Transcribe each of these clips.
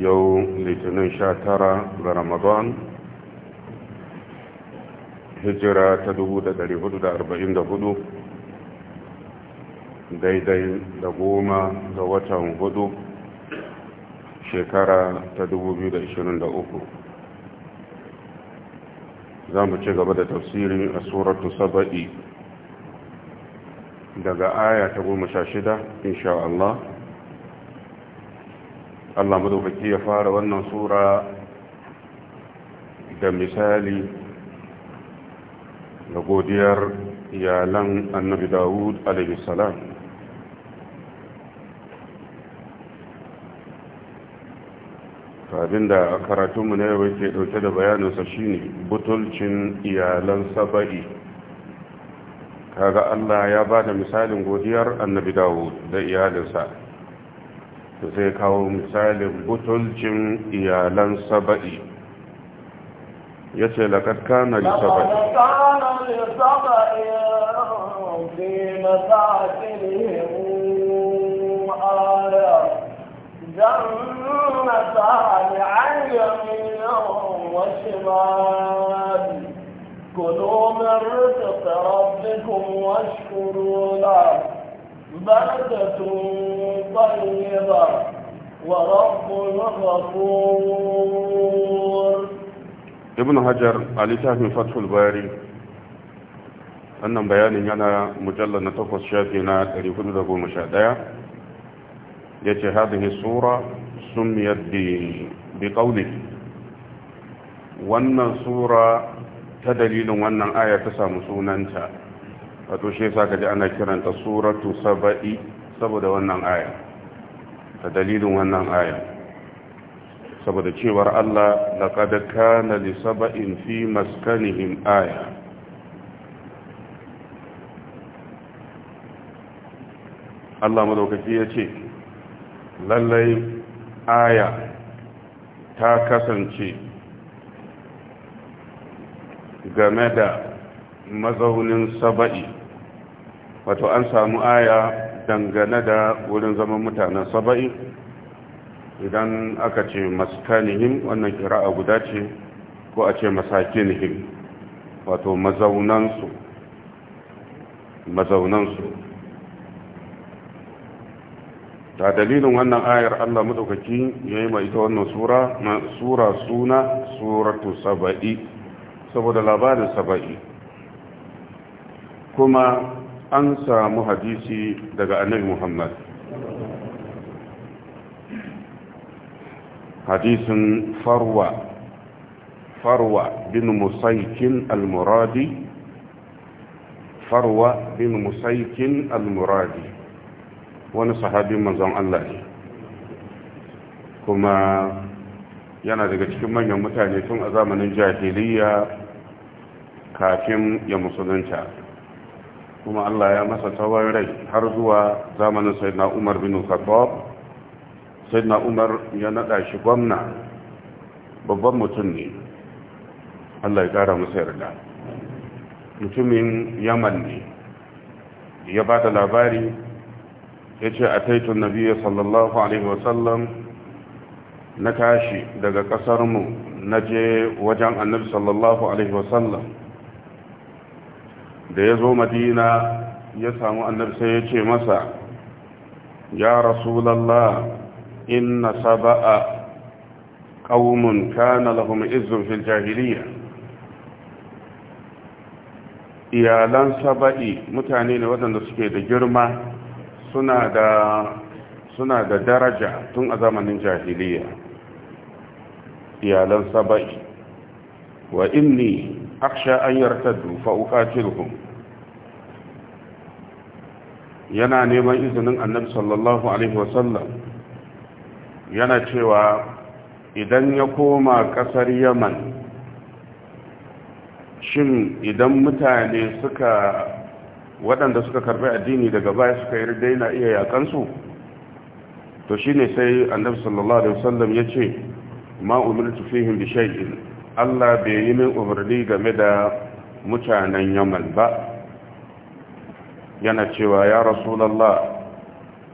yau litinin sha tara ga ramadan hijira ta dubu da da da hudu arba'in hudu, daidai da goma ga watan hudu shekara ta dubu biyu da da uku. za mu ci gaba da tafsirin a suratu saba'i daga aya ta goma sha shida insha Allah Allah madaukaki ya fara wannan sura da misali da godiyar iyalan annabi Dawud alaihi salam abin da karatunmu na yau ke dauke da bayaninsa shine butulcin iyalan saba'i kaga Allah ya ba da misalin godiyar annabi Dawud da iyalinsa to sai kawo misalin butulcin iyalan saba'i ya ce laƙad kana li saba'i جنتان عن يمين كلوا من رزق ربكم واشكروا له بلدة طيبة ورب غفور ابن هجر علي شاهد فتح الباري أن بيان هنا مجلد نتوفى الشافينا الذي كنت أقول مشاهدة يأتي هذه السورة سميت بقوله وأن السورة تدليل وأن الآية تسامسون أنت wato shi yasa kaji ana kiranta suratu saba'i saboda wannan aya ta dalilin wannan aya saboda cewar Allah laqad kana li saba'in fi maskanihim aya Allah madaukaki yace lallai aya ta kasance game da mazaunin saba'i wato an samu aya dangane da wurin zaman mutanen saba'i idan aka ce maskanihim wannan a guda ce ko a ce masakinihim wato mazaunansu mazaunansu ta dalilin wannan ayar allah maɗaukaki ya yi mai ita wannan sura na sura suna suratu saba'i saboda labarin saba'i kuma an samu hadisi daga annabi muhammad hadisin farwa farwa bin musaikin al-muradi farwa bin musaikin al-muradi wani sahabin manzon Allah ne kuma yana daga cikin manyan mutane tun a zamanin jahiliya kafin ya musulunta kuma Allah ya masa tsawon rai har zuwa zamanin na Umar bin Khattab na Umar ya nada shi gwamna babban mutum ne Allah ya kara masa yarda mutumin Yaman ne ya ba da labari ya ce a taitun nabiya sallallahu alaihi wasallam na tashi daga ƙasarmu na je wajen annabi sallallahu alaihi wasallam da ya zo madina ya samu annabi sai ya ce masa ya rasulallah inna saba'a qaumun kana lahum izzun fil jahiliya iyalan saba'i mutane ne waɗanda suke da girma suna da suna da daraja tun a zamanin jahiliya iyalan saba'i wa inni aksha an yartaddu fa yana neman izinin annabi sallallahu alaihi wasallam yana cewa idan ya koma ƙasar yaman shin idan mutane suka waɗanda suka karbi addini daga baya suka yi daina iya yakansu to shine sai annabi sallallahu alaihi wasallam ya ce ma umirtu fihim bi shay'in Allah bai yi min umarni game da mutanen yaman ba yana cewa ya rasulallah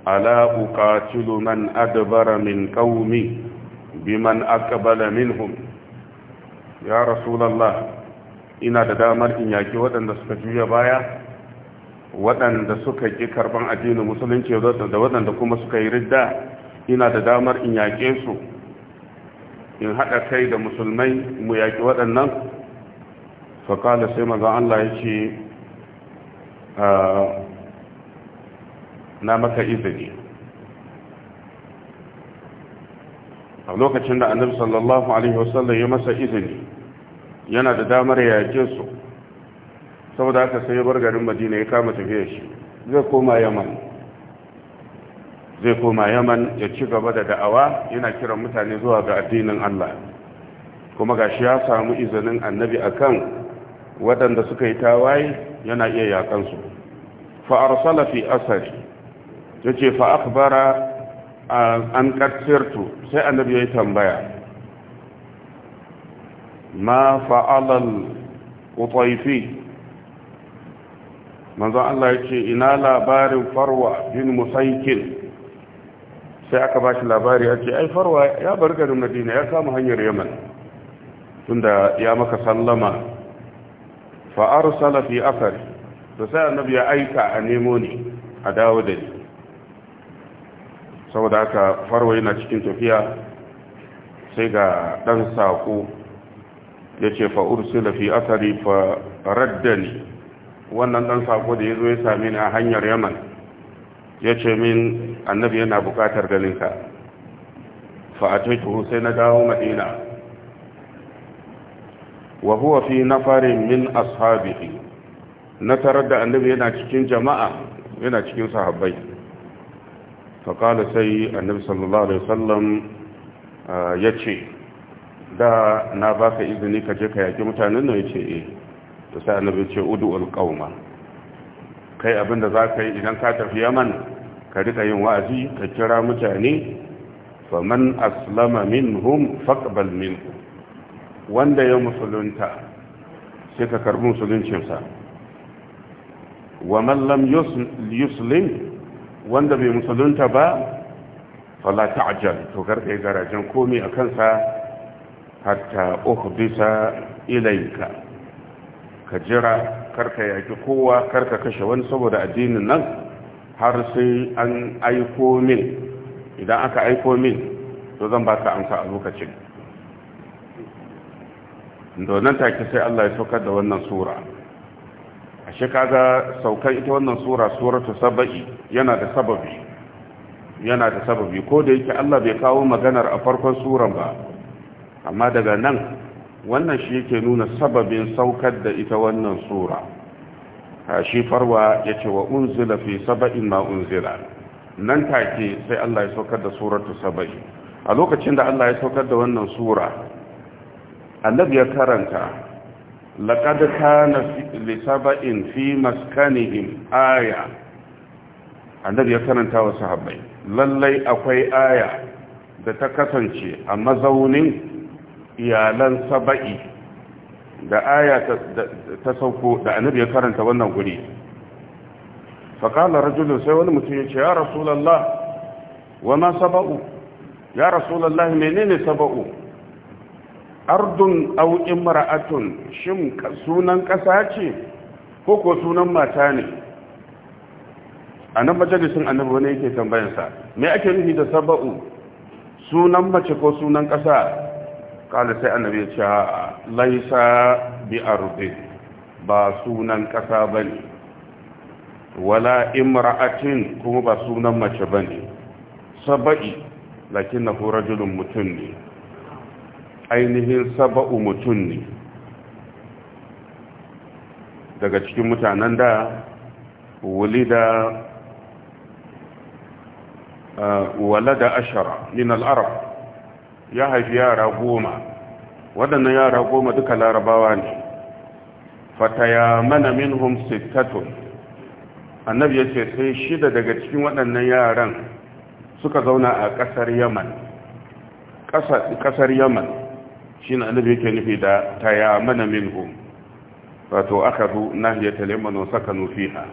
ala uqatilu man adbara min qaumi biman aqbala minhum ya rasulallah ina da damar in yaki waɗanda suka juya baya waɗanda suka ƙi karban addinin musulunci da waɗanda kuma suka yi ridda ina da damar in yaƙe su in haɗa kai da musulmai mu yaƙi waɗannan faƙala sai maza Allah ya ce ah, na maka izini a lokacin da annabi sallallahu alaihi wasallam ya masa izini yana da damar yaƙe su saboda haka sai bar garin madina ya kama tafiya shi zai koma yamani zai koma yaman ya ci gaba da da'awa yana kiran mutane zuwa ga addinin allah kuma ga shi ya samu izinin annabi akan waɗanda suka yi tawaye yana iya yakansu fa'arsala fi asari ya ce fa'akbara an ƙarfirtu sai annabi ya yi tambaya ma fa'alal ƙutaifi manzan Allah ya ce ina labarin farwa bin musaikin sai aka ba shi labari ake ce ai farwa ya bar garin madina ya samu hanyar yaman tunda ya maka sallama fa'ar salafi akari da sai annabi ya aika a nemo ne a dawo da ni saboda aka farwa yana cikin tafiya sai ga ɗan saƙo ya ce fa'ur salafi akari fa raddani wannan ɗan saƙo da ya zo ya same ni a hanyar yaman ya ce min annabi yana bukatar ganinka fa'ataitu sai na dawo madina wa huwa fi nafarin min ashabihi na tarar da annabi yana cikin jama'a yana cikin sahabbai faƙala sai annabi sallallahu alaihi sallam ah, ya ce da na baka izini ka je ka yaki mutanen nan ya ce eh sai annabi ya ce udu alƙauma kai abinda za ka yi idan ka tafi yaman ka rika yin wa'azi ka kira mutane faman aslama minhum faqbal minhu wanda ya musulunta sai ka karbi musuluncinsa wa man lam yuslim wanda bai musulunta ba fala ta'jal to karka yi garajen komai a kansa hatta uhdisa ilayka ka jira karka yaki kowa karka kashe wani saboda addinin nan har sai an aiko min idan aka aiko min to zan baka amsa a lokacin donan take sai Allah ya saukar da wannan sura ashe kaga saukar ita wannan sura suratu sabai yana da sababi yana da sababi ko da yake Allah bai kawo maganar a farkon suran ba amma daga nan wannan shi yake nuna sababin saukar da ita wannan sura shi farwa ya ce wa unzila fi saba'in ma unzila nan take sai Allah ya saukar da suratu saba'i a lokacin da Allah ya saukar da wannan sura annabi ya karanta laqad kana li saba'in fi maskanihim aya annabi ya karanta wa sahabbai lallai akwai aya da ta kasance a mazaunin iyalan saba'i da aya ta sauko da annabi ya karanta wannan guri faƙalar rajulun sai wani mutum ya ce ya rasulallah wama saba'u ya rasulallah menene saba'u ardun au imra'atun shin sunan ƙasa ce ko ko sunan mata ne a nan majalisun annabi wani yake tambayarsa. me ake nufi da saba'u sunan mace ko sunan ƙasa kala sai annabi ya ce laisa bi ardi ba sunan kasa bane wala imra'atin kuma ba sunan mace bane saba'i lakinnahu rajulun mutum ne ainihin saba'u mutum ne daga cikin mutanen da wulida walada ashara min al-arab ya haifi yara goma waɗannan yara goma duka larabawa ne ya mana min homestead tattle annabi ya ce sai shida daga cikin waɗannan yaran suka zauna a ƙasar yaman ƙasar yaman shi na annabi yake nufi da ta ya mana min hom. wato aka zo nahiyar talimano saka nufi nufiha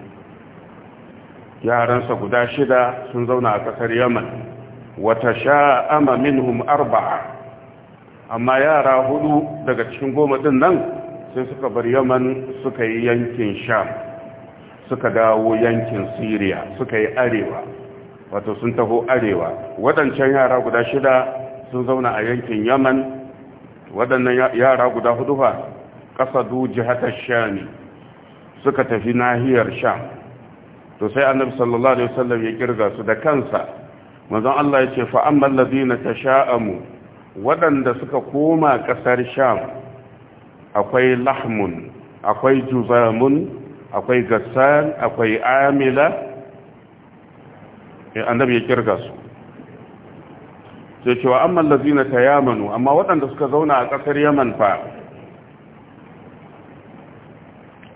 yaransa guda shida sun zauna a ƙasar yaman wata sha'ama minhum arba'a amma yara hudu daga cikin goma din nan sai suka bar yaman suka yi yankin sham suka dawo yankin syria suka yi arewa wato sun taho arewa waɗancan yara guda shida sun zauna a yankin yaman waɗannan yara guda hudu fa ƙasadu jihatar ne. suka tafi nahiyar sham to sai annabi sallallahu alaihi wasallam ya kirga su da kansa manzon Allah ya ce fa amman ladina tasha'amu waɗanda suka koma ƙasar sham akwai lahmun akwai juzamun akwai gassan akwai amila eh, annabi ya kirga su ce cewa amman lazina ta yamanu amma waɗanda suka zauna a ƙasar yaman fa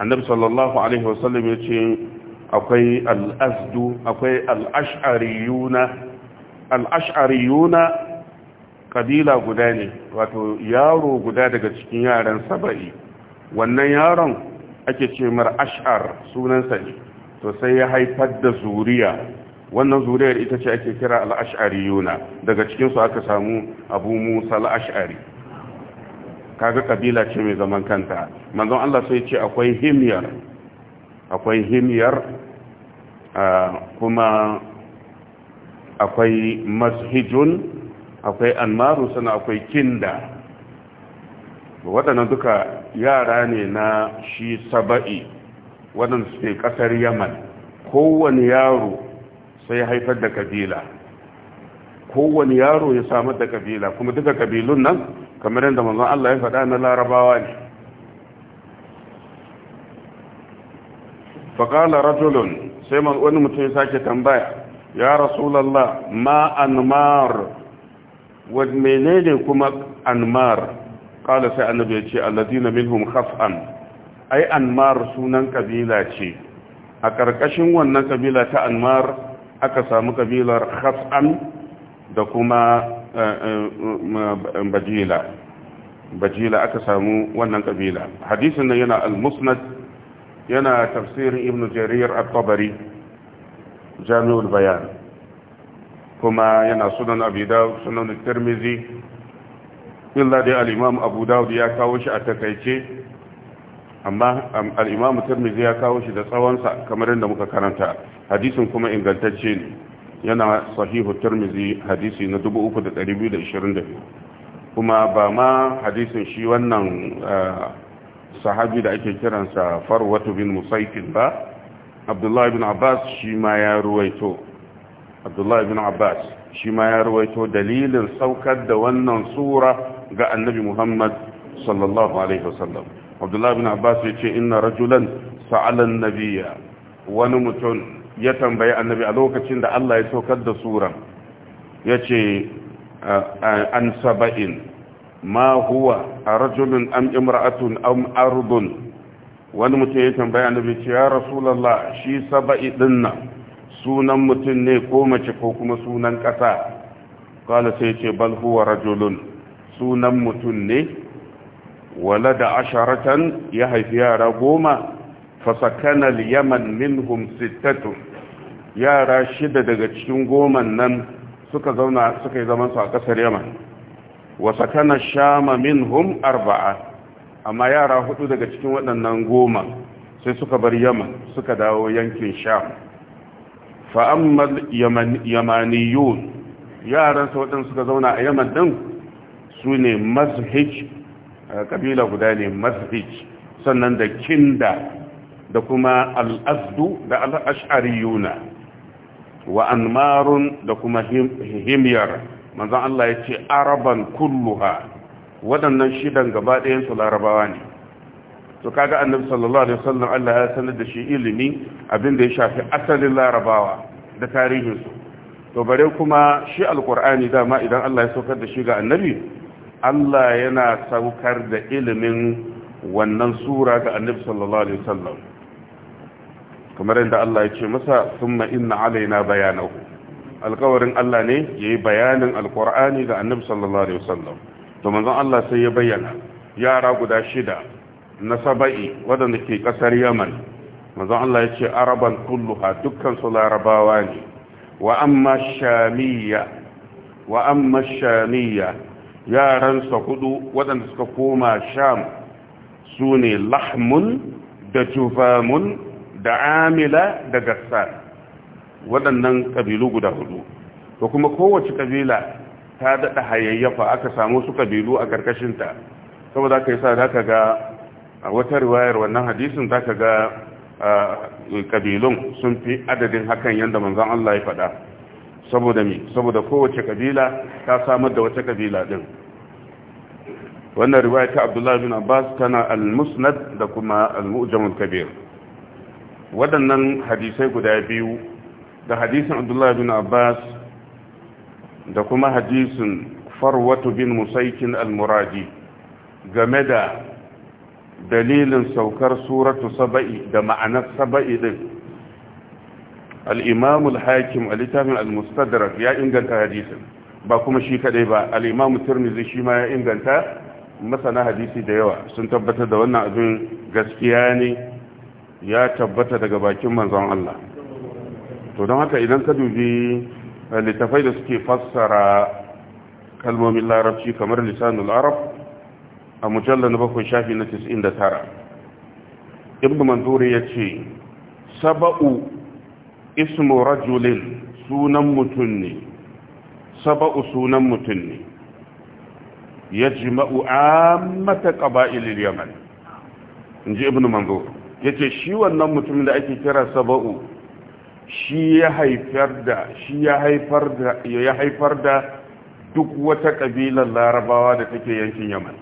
annabi sallallahu alaihi wasallam ya ce akwai al'azdu akwai al'ash'ariyuna al'ash'ariyuna ƙabila guda ne wato yaro guda daga cikin yaran saba'i wannan yaron ake ce mar ash'ar sunansa ne to sai ya haifar da zuriya wannan zuriyar ita ce ake kira al'ash'ariyuna daga cikinsu aka samu abu musa al'ash'ari kaga ƙabila ce mai zaman kanta manzon Allah sai ce akwai himyar akwai himyar ah, kuma akwai mashijun akwai annaru sana akwai kinda waɗannan duka yara ne na shi saba'i waɗanda suke ƙasar yaman kowane yaro sai haifar da kabila kowane yaro ya samar da kabila kuma duka kabilun nan kamar yadda manzon Allah ya faɗa na larabawa ne faƙala rajulun sai wani mutum ya sake tambaya ya rasulallah ma anmar wad menene kuma anmar kala sai annabi ya ce alladina minhum khaf'an ai anmar sunan kabila ce a karkashin wannan kabila ta anmar aka samu kabilar khaf'an da kuma eh, eh, mm, bajila bajila aka samu wannan kabila hadisin nan yana al-musnad yana tafsirin ibnu jarir at-tabari jami'ul bayan kuma yana sunan abu dawud sunan tirmizi illa dai al'imam abu dawud ya kawo shi a takaice amma al'imam tirmizi ya kawo shi da tsawonsa kamar yadda muka karanta hadisin kuma ingantacce ne yana sahihu tirmizi hadisi na 3,222 kuma ba ma hadisin shi wannan ah, sahabi da ake kiransa farwatu bin musaikin ba abdullahi bin abbas shi ma ya ruwaito abdullahi bin abbas shi ma ya ruwaito dalilin saukar da wannan sura ga annabi muhammad sallallahu alaihi wasallam abdullahi bin abbas ya ce inna rajulan sa'alan nabiya wani mutum ya tambayi annabi a lokacin da allah ya saukar da suran ya ce an saba'in ma huwa a rajulun am imra'atun am ardun wani mutum ya tambaya annabi ce ya rasulullah shi saba'i dinnan sunan mutum ne ko mace ko kuma sunan ƙasa kala sai ce bal huwa rajulun sunan mutum ne wala da asharatan ya haifi yara goma fasakanal yaman minhum sittatu yara shida daga cikin goman nan suka zauna suka yi zamansu a ƙasar yaman wasakana shama minhum arba'a amma yara hudu daga cikin waɗannan goma sai suka bar yaman suka dawo yankin sham fa'ammal yamaniyun yaransa waɗanda suka zauna a yaman ɗin su ne mazhij eh, ƙabila guda ne mazhij sannan da kinda da kuma al'asdu da al'ashariyuna wa anmarun da kuma himyar manzan Allah ya ce araban kulluha waɗannan shidan gaba ɗayan su larabawa ne to kaga annabi sallallahu alaihi wasallam Allah ya sanar da shi ilimi abinda ya shafi asalin larabawa da tarihinsu to bare kuma shi alkur'ani dama idan Allah ya saukar da shi ga annabi Allah yana saukar da ilimin wannan sura ga annabi sallallahu alaihi wasallam kamar yadda Allah ya ce masa thumma inna alaina bayanahu alƙawarin Allah ne yayi bayanin alkur'ani ga annabi sallallahu alaihi wasallam to manzon Allah sai ya bayyana yara guda shida na saba'i waɗanda ke ƙasar yaman manzon Allah ya ce araban kulluha dukkan su larabawa ne wa amma shamiya wa amma shamiya yaransa hudu waɗanda suka koma sham su ne lahmun da jufamun da amila da gassa waɗannan ƙabilu guda hudu to kuma kowace ƙabila ta daɗa hayayyafa aka samu su kabilu a ƙarƙashinta saboda ka yi sa za ka ga a wata riwayar wannan hadisin za ka ga kabilun sun fi adadin hakan yadda manzan Allah ya faɗa saboda mi saboda kowace kabila ta samar da wata kabila ɗin wannan riwaya ta abdullahi bin abbas tana al-musnad da kuma al-mu'jamul kabir waɗannan hadisai guda biyu da hadisin abdullahi bin abbas da kuma hadisin farwatu bin musaikin al-muradi game da dalilin saukar suratu saba'i da ma'anar saba'i din al-imam al-hakim al-littafin al-mustadrak ya inganta hadisin ba kuma shi kadai ba al-imam tirmidhi shi ma ya inganta masana hadisi da yawa sun tabbatar da wannan abin gaskiya ne ya tabbata daga bakin manzon Allah to don haka idan ka dubi littafai da suke fassara kalmomin larabci kamar lisanul arab a mujallar na bakwai shafi na 99 ibn manzuri ya ce saba'u ismu rajulin sunan mutum ne saba'u sunan mutum ne ya jima'u ammata ƙaba'ilil yaman in ji ibn manzuri ya ce shi wannan mutumin da ake kira saba'u shi ya haifar da shi ya haifar da ya haifar da duk wata kabilar larabawa da take yankin yaman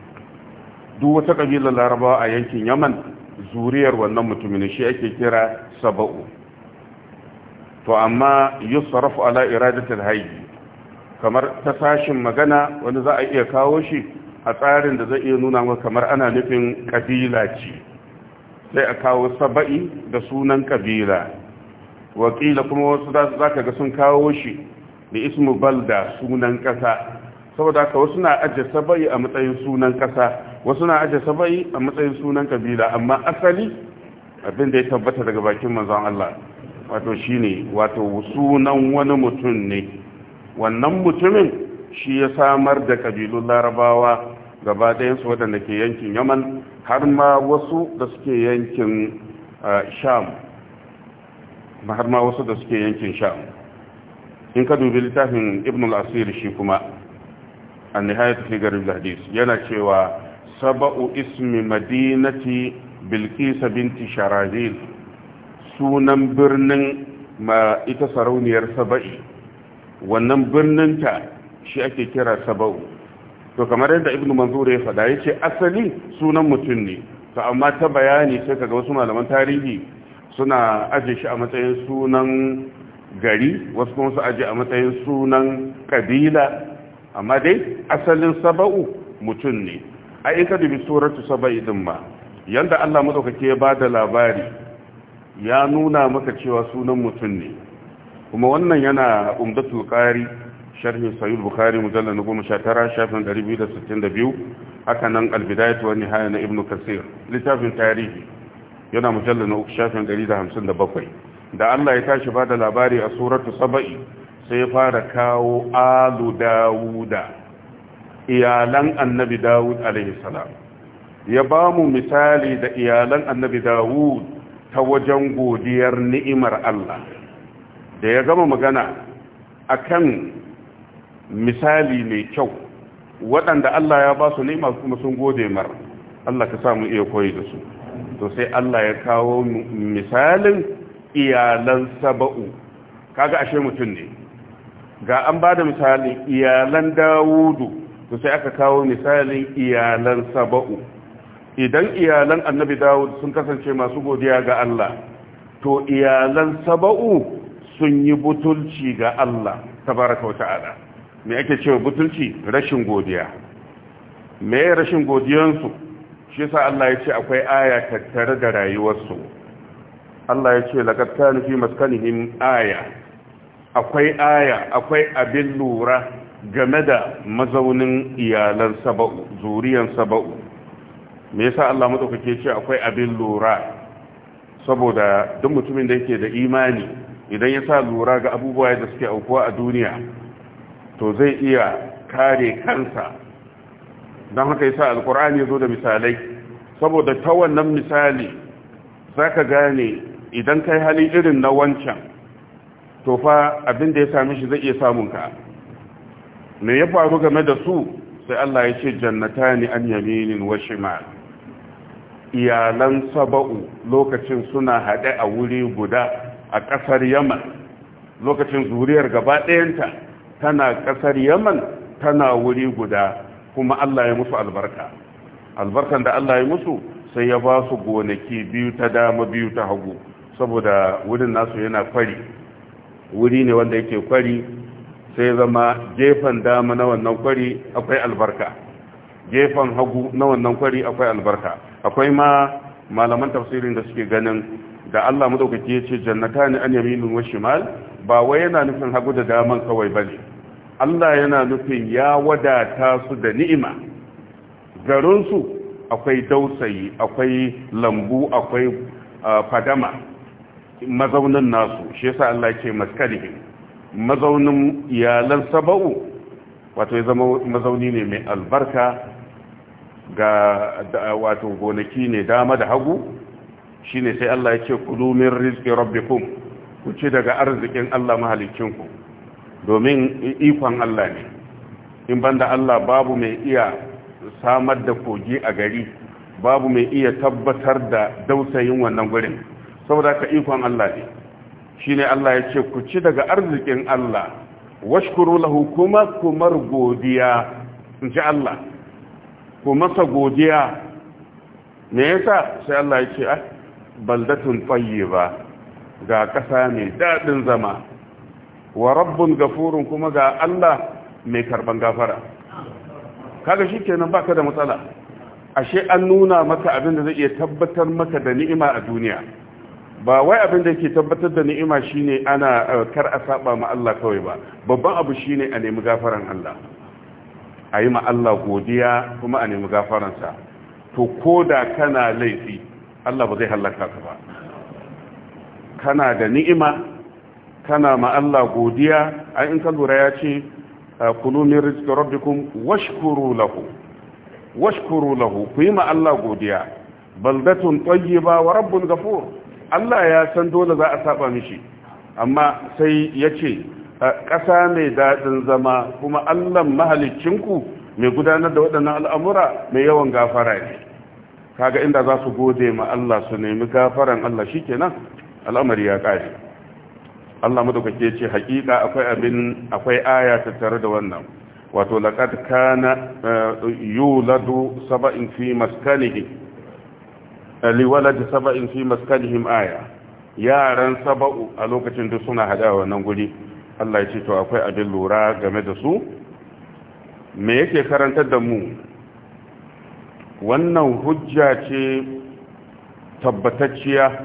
duk wata kabilar larabawa a yankin yaman zuriyar wannan mutumin shi ake kira saba'u to amma yusrafu ala iradatil hayy kamar ta sashin magana wani za a iya kawo shi a tsarin da zai iya nuna maka kamar ana nufin kabila ce sai a kawo saba'i da sunan kabila wakila kuma wasu za ka ga sun kawo shi da ismu balda sunan ƙasa saboda haka wasu na ajiye saba'i a matsayin sunan ƙasa wasu na ajiye saba'i a matsayin sunan kabila amma asali abin da ya tabbata daga bakin manzon Allah wato shine wato sunan wani mutum ne wannan mutumin shi ya samar da kabilun larabawa gaba ɗayansu waɗanda ke yankin yaman har ma wasu da suke yankin eh, sham har ma wasu da suke yankin sha in ka dubi littafin ibn al-asir shi kuma a nihayat fi garib hadis yana cewa saba'u ismi madinati bilqis binti sharazil sunan birnin ma ita sarauniyar saba'i wannan birninta shi ake kira saba'u to kamar yadda ibn manzur ya faɗa yace asali sunan mutum ne to amma ta bayani sai kaga wasu malaman tarihi suna aje shi a matsayin sunan gari wasu kuma su aje a matsayin sunan kabila amma dai asalin saba'u mutum ne a in da dubi suratu saba'i din ba yanda Allah madaukake ya bada labari ya nuna maka cewa sunan mutum ne kuma wannan yana umdatul qari sharhin sahih bukhari mujallal 19 shafin 262 haka nan wa nihaya na ibnu kasir littafin tarihi yana mujallar na uku shafin 157 da Allah ya tashi ba da labari a suratu saba'i sai ya fara kawo alu dawuda iyalan annabi dawud alaihissalam ya ba mu misali da iyalan annabi dawud ta wajen godiyar ni'imar Allah da ya gama magana akan misali mai kyau waɗanda Allah ya ba su ni'ima kuma sun gode mar Allah ka samu iya koyi da su to sai Allah ya kawo misalin iyalan saba'u kaga ashe mutum ne ga an bada misali iyalan dawudu to sai aka kawo misalin iyalan saba'u idan iyalan annabi dawud sun kasance masu godiya ga Allah to iyalan saba'u sun yi butulci ga Allah tabaraka wata'ala me ake cewa butulci rashin godiya me rashin godiyansu shi yasa Allah ya ce akwai aya tattare da rayuwarsu Allah ya ce laqad kana fi maskanihim aya akwai aya akwai abin lura game da mazaunin iyalan saba'u zuriyan saba'u me yasa Allah madaukake ce akwai abin lura saboda duk mutumin da yake da imani idan ya sa lura ga abubuwa da suke aukuwa a duniya to zai iya kare kansa don haka yasa alkur'ani zo da misalai saboda ta wannan misali zaka gane idan kai hali irin na wancan to fa abin da ya sami shi zai iya samun ka me ya faru game da su sai Allah ya ce jannatani an yaminin wa shimal iyalan saba'u lokacin suna haɗe a wuri guda a ƙasar yaman lokacin zuriyar gaba ɗayanta tana ƙasar yaman tana wuri guda kuma Allah ya musu albarka albarkan da Allah ya musu sai ya ba su gonaki biyu ta dama biyu ta hagu saboda wurin nasu yana kwari wuri ne wanda yake kwari sai zama gefen dama na wannan kwari akwai albarka gefen hagu na wannan kwari akwai albarka akwai ma malaman tafsirin da suke ganin da Allah madaukaki ya ce jannata ne an yaminin wa shimal ba wai yana nufin hagu da daman kawai bane Allah yana nufin ya wadata su da ni'ima garinsu akwai dausayi akwai lambu akwai fadama mazaunin nasu shi yasa Allah ke maskalihin mazaunin iyalan saba'u wato ya zama mazauni ne mai albarka ga wato gonaki ne dama da hagu shine sai Allah ya ce kulumin rizqi rabbikum ku ce daga arzikin Allah mahalikinku domin ikon Allah ne in banda Allah babu mai iya samar da kogi a gari babu mai iya tabbatar da dausayin wannan gurin saboda ka ikon Allah ne Shi ne Allah ya ce ku ci daga arzikin Allah washkuru lahu kuma kumar godiya in ji Allah ku masa godiya me yasa sai Allah ya ce ah baldatun tayyiba ga ƙasa mai daɗin zama wa rabbun gafurun kuma ga Allah mai karban gafara kaga shi shikenan baka da matsala ashe an nuna maka abin da zai iya tabbatar maka da ni'ima a duniya ba wai abin da yake tabbatar da ni'ima shine ana eh, kar a saba ma Allah kawai ba babban abu shine a nemi gafaran Allah a yi ma Allah godiya kuma a nemi gafaransa to ko da kana laifi Allah ba zai halaka ka ba kana da ni'ima kana ma Allah godiya an in ka lura ya ce ah, kulu min rizqi washkuru lahu lahu ku yi ma Allah godiya baldatun ba wa rabbun ghafur Allah ya san dole za a saba mishi amma sai ya ce ah, ƙasa mai daɗin zama kuma allan mahalicinku mai gudanar da waɗannan al'amura mai yawan gafara ne kaga inda za su gode ma Allah su nemi gafaran Allah shikenan al'amari ya ƙare Allah madaukake ce hakika akwai abin akwai aya tattare da wannan wato laqad kana eh, yuladu sab'in fi maskanihi eh, walad sab'in fi maskanihim aya yaran sab'u a lokacin da suna hada wannan guri Allah ya ce to akwai abin lura game da su me yake karantar da mu wannan hujja ce tabbatacciya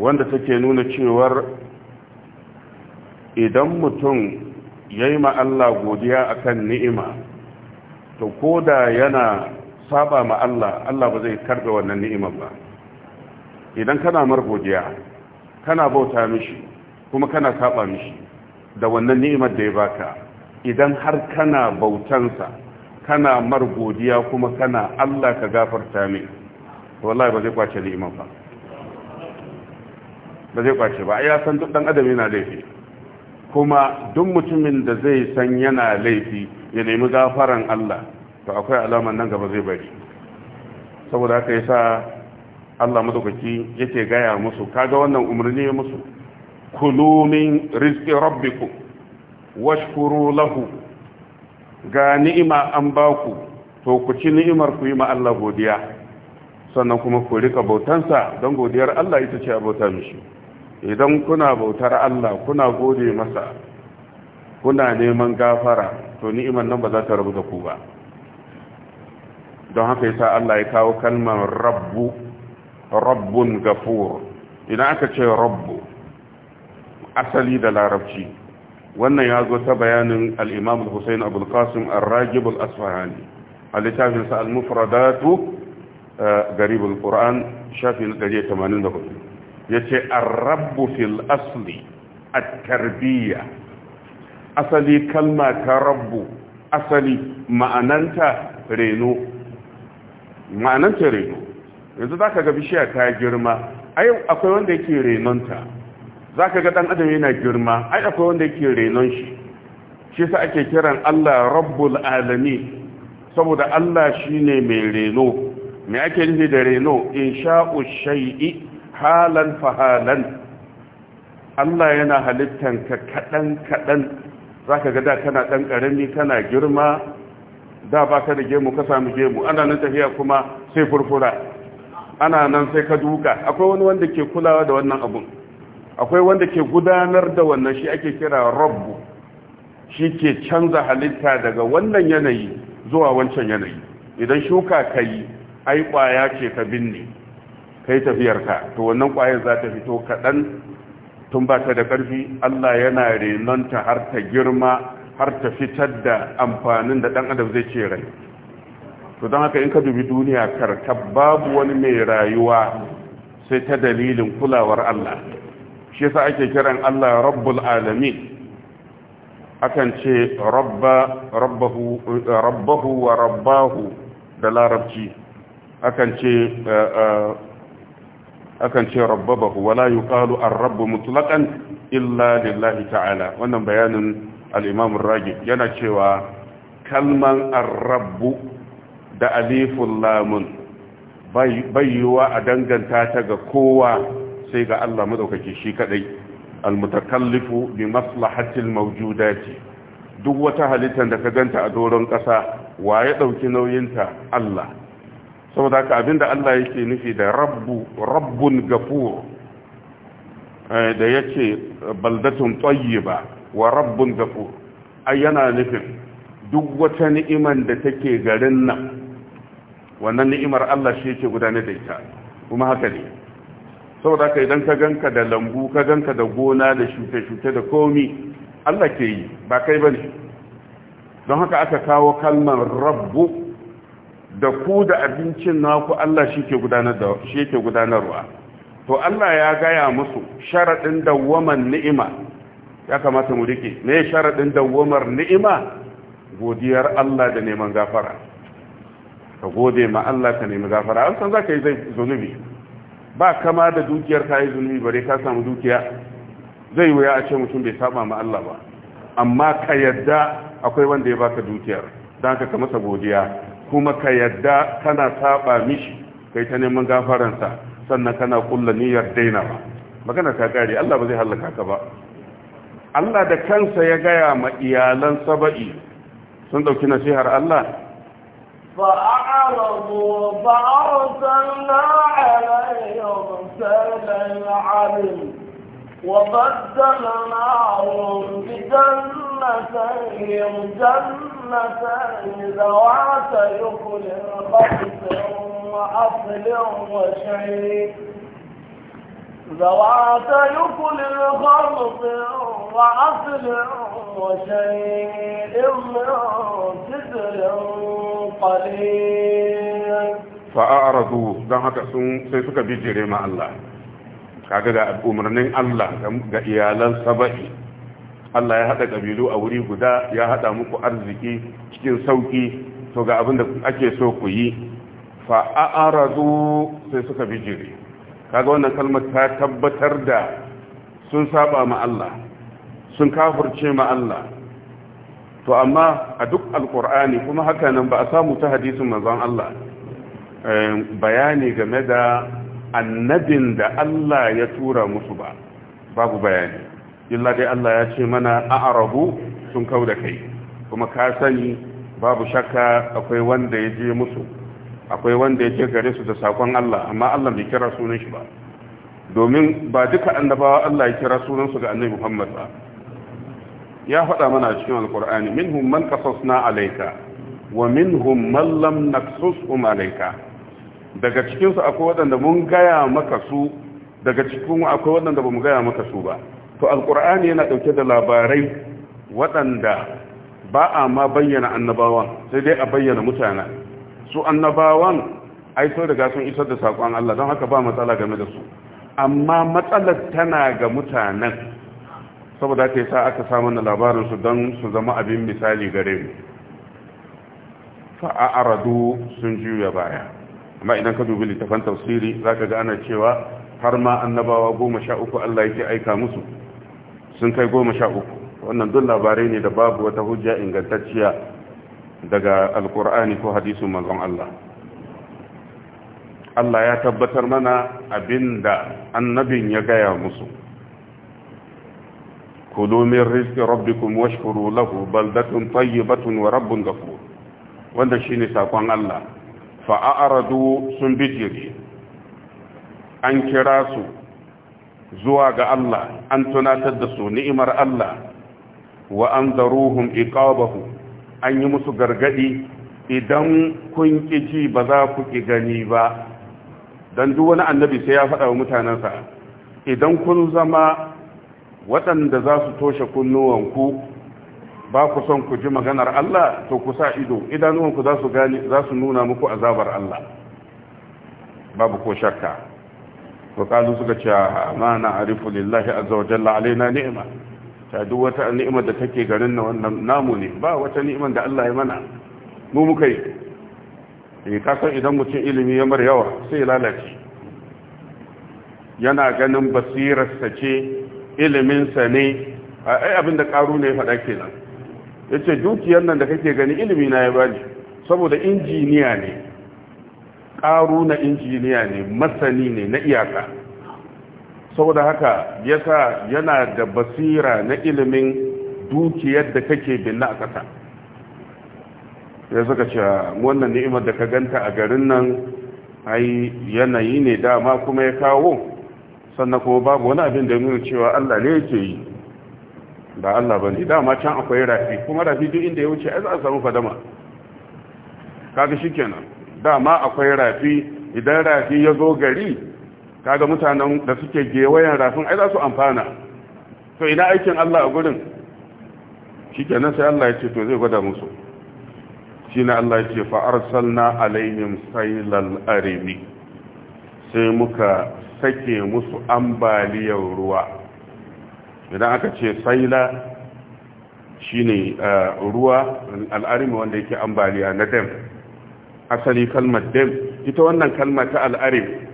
wanda take nuna cewar idan mutum ya yi Allah godiya akan ni'ima to ko da yana saba ma Allah Allah ba zai karbe wannan ni'imar ba idan kana mar godiya kana bauta mishi kuma kana saba mishi da wannan ni'imar da ya baka idan har kana bautansa kana mar godiya kuma kana Allah ka gafarta min wallahi ba zai kwace ni'imar ba ba zai kwace ba ya san duk dan adam yana laifi kuma duk mutumin da zai san yana laifi ya nemi gafaran Allah to akwai alaman nan gaba zai bari saboda haka yasa Allah madaukaki yake gaya musu kaga wannan umarni ya musu kulu min rizqi rabbikum washkuru lahu ga ni'ima an baku to ku ci ni'imar ku yi ma Allah godiya sannan kuma ku rika bautansa don godiyar Allah ita ce abota mishi idan kuna bautar Allah kuna gode masa kuna neman gafara to ni'imar nan ba za ta rabu da ku ba don haka yasa Allah ya kawo kalmar rabbu rabbun gafur idan aka ce rabbu asali da larabci wannan ya zo ta bayanin al-imam al-husayn abul qasim ar-ragib al-asfahani a littafin al-mufradatu eh, garibul shafin 184 yace ar-rabbu fil asli at-tarbiyya asali kalma ta rabbu asali ma'ananta reno ma'ananta reno yanzu zaka ga bishiya ta girma ai akwai wanda yake renonta zaka ga dan adam yana girma ai akwai wanda yake renon shi shi sa ake kiran Allah rabbul alamin saboda Allah shine mai reno me ake nufi da reno insha'u shay'i halan fahalan Allah yana halittan ka kaɗan kaɗan za ka ga da kana ɗan ƙarami kana girma da ba ka da gemu ka samu gemu ana nan tafiya kuma sai furfura ana nan sai ka duka akwai wani wanda ke kulawa da wannan abun akwai wanda ke gudanar da wannan shi ake kira rabbu shi ke canza halitta daga wannan yanayi zuwa wancan yanayi idan shuka ka yi ai ƙwaya ce ka binne kai tafiyarka to wannan ƙwayar za ta fito kaɗan tun ba ta da ƙarfi Allah yana renonta har ta girma har ta fitar da amfanin da ɗan adam zai ce rai to don haka in ka dubi duniya karka babu wani mai rayuwa sai ta dalilin kulawar Allah shi yasa ake kiran Allah rabbul alamin akan ce rabba rabbahu rabbahu wa rabbahu da larabci akan ce eh, eh, akan ce rabbabahu wala yuqalu ar-rabbu mutlaqan illa lillahi ta'ala wannan bayanin al-imam ar-ragib yana cewa kalman ar-rabbu da aliful lamun bayyuwa a danganta ta ga kowa sai ga Allah madaukake shi kadai al-mutakallifu bi maslahatil mawjudati duk wata halittar da ka ganta a doron ƙasa waye dauki nauyinta Allah saboda haka abinda Allah yake nufi da rabbu rabbun gafur eh, da yake baldatun tayyiba wa rabbun gafur ai yana nufin duk wata ni'imar da take garin nan wannan ni'imar Allah shi yake gudanar da ita kuma haka ne saboda haka idan ka ganka da lambu ka ganka da gona da shuke-shuke da komi Allah ke yi ba kai bane don haka aka kawo kalmar rabbu da ku da abincin naku Allah shi yake gudanarwa to Allah ya gaya musu sharaɗin dawwamar ni'ima ya kamata mu rike ne sharaɗin dawwamar ni'ima godiyar Allah da neman gafara ka gode ma Allah ka nemi gafara an san za ka yi zai zunubi ba kama da dukiyar ka yi zunubi bare ka samu dukiya zai wuya a ce mutum bai saba ma Allah ba amma ka yadda akwai wanda ya baka dukiyar don ka kamata godiya kuma ka yadda kana saba mishi kai ta neman gafaransa sannan kana kulla niyyar daina ba magana ta kare Allah ba zai halaka ka ba Allah da kansa ya gaya ma iyalan saba'i sun dauki nasihar Allah فأعرضوا فأرسلنا عليهم سيل alim وبدلناهم بجنتين جنتين ذوات يكل خبز وأصل وشيء ذوات يكل خبز وأصل وشيء من سدر قليل فأعرضوا ذهب سن سيسك بجري الله kaga ga umarnin Allah ga iyalan saba'i Allah ya haɗa kabilu a wuri guda ya haɗa muku arziki cikin sauƙi, to ga abin da ake so ku yi fa a'radu sai suka bijiri kaga wannan kalmar ta tabbatar da sun saba ma Allah sun kafirce ma Allah to amma a duk alƙur'ani kuma haka nan ba a samu ta hadisin manzon Allah ehm, bayani game da annabin da Allah ya tura musu ba babu bayani illa dai Allah ya ce mana a'rabu sun kauda kai kuma ka sani babu shakka akwai wanda ya je musu akwai wanda ya je gare su da sakon Allah amma Allah bai kira sunan shi ba domin ba duka annabawa Allah ya kira sunan su ga annabi Muhammad ba ya faɗa mana a cikin alkur'ani minhum man qasasna alayka wa minhum man lam naqsusum alayka daga cikinsu akwai waɗanda mun gaya maka su daga cikin akwai waɗanda ba mu gaya maka su ba to alkur'ani yana ɗauke da labarai waɗanda ba a ma bayyana annabawan sai dai a bayyana mutane su annabawan ai sau daga sun isar da saƙon Allah don haka ba matsala game da su amma matsalar tana ga mutanen saboda ta sa aka samu labarin labarinsu don su zama abin misali gare mu aradu sun juya baya amma idan ka dubi littafan tafsiri za ka gane cewa har ma annabawa goma sha uku Allah yake aika musu sun kai goma sha uku wannan duk labarai ne da babu wata hujja ingantacciya daga alkur'ani ko hadisun manzon Allah Allah ya tabbatar mana abinda annabin ya gaya musu kudu min ku, rabbikum washkuru lahu baldatun tayyibatun wa rabbun ghafur wanda shine sakon Allah fa'a'aradu sun bijire an kira su zuwa ga Allah an tunatar da su ni'imar Allah wa an zaruhun iqabahu an yi musu gargadi idan kun ji ba za ku ki gani ba don duk wani annabi sai ya faɗa wa mutanensa idan kun zama waɗanda za su toshe kunnuwanku ba ku son ku ji maganar Allah to ku sa ido idanuwanku za su gani za su nuna muku azabar Allah babu ko shakka to kazu suka ce ma na arifu lillahi azza wa jalla alaina ni'ma ta duk wata ni'ima da take garin na wannan namu ne ba wata ni'imar da Allah ya mana mu muka yi eh ka san idan mutum ilimi ya mar yawa sai lalace yana ganin basirarsa ce iliminsa ne ai abin da karu ne faɗa kenan yace dukiyar nan da kake gani ilimi na ya bani saboda injiniya ne ƙaru na injiniya ne masani ne na iyaka saboda haka yasa yana da basira na ilimin dukiyar da kake binna a ƙasa ya suka ce wannan ni'imar da ka ganta a garin nan ai yanayi ne dama kuma ya kawo sannan kuma babu wani abin da ya nuna cewa Allah ne yake yi ba Allah ba ne dama can akwai rafi kuma rafi duk inda ya wuce ai za a samu fadama kaga shikenan dama akwai rafi idan rafi ya zo gari kaga mutanen da suke gewayen rafin ai za su amfana to ina aikin Allah a gurin shikenan sai Allah ya ce to zai gwada musu shi na Allah ya ce arsalna alaihim sailal arimi sai muka sake musu ambaliyar ruwa idan aka ce saila ne uh, ruwa al'arimi wanda yake ambaliya na dem asali kalmar dem ita wannan kalmar ta al'arim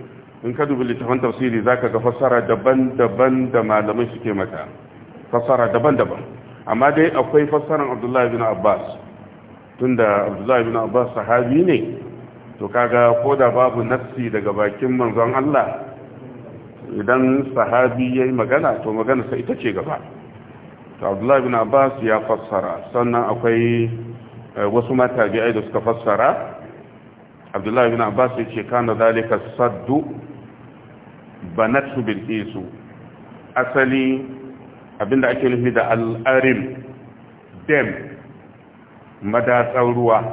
in ka dubi littafin tafsiri ka ga fassara daban-daban da malamai suke mata fassara daban-daban amma dai akwai fassaran Abdullahi bin Abbas tun da Abdullahi bin Abbas sahabi ne to kaga ko da babu nassi daga bakin manzon Allah idan sahabi ya yi magana to magana sai ita ce gaba To abdullahi bin abbas ya fassara sannan akwai eh, wasu biyai da suka fassara abdullahi bin abbas ya ce kana zalika saddu banatu bil isu asali abinda ake nufi da al'arim dem madatsar ruwa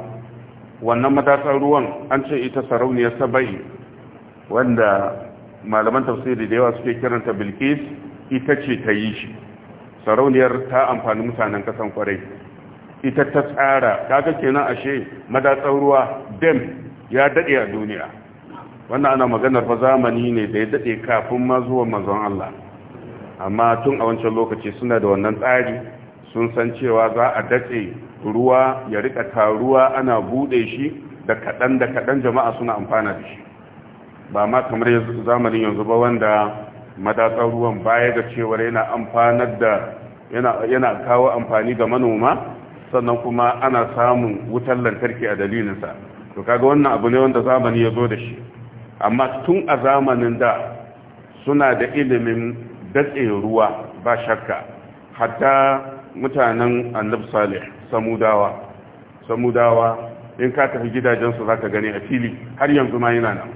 wannan madatsar ruwan an ce ita sarauniyar saba'i wanda malaman tafsiri da yawa suke kiranta bilkis ita ce ta yi shi sarauniyar ta amfani mutanen kasan kwarai ita ta tsara kaga kenan ashe madatsar ruwa dem ya dade a duniya wannan ana maganar fa zamani ne da ya dade kafin ma zuwa manzon Allah amma tun a wancan lokaci suna da wannan tsari sun san cewa za a datse ruwa ya rika taruwa ana bude shi da kadan da kadan jama'a suna amfana da shi ba ma kamar zamanin yanzu ba wanda madatsar ruwan baya ga cewar yana amfanar da yana kawo amfani ga manoma sannan kuma ana samun wutar lantarki a dalilinsa to kaga wannan abu ne wanda zamani ya zo da shi amma tun a zamanin da suna da ilimin datse ruwa ba shakka hatta mutanen annab salih samudawa samudawa in ka tafi gidajensu za ka gani a fili har yanzu ma yana nan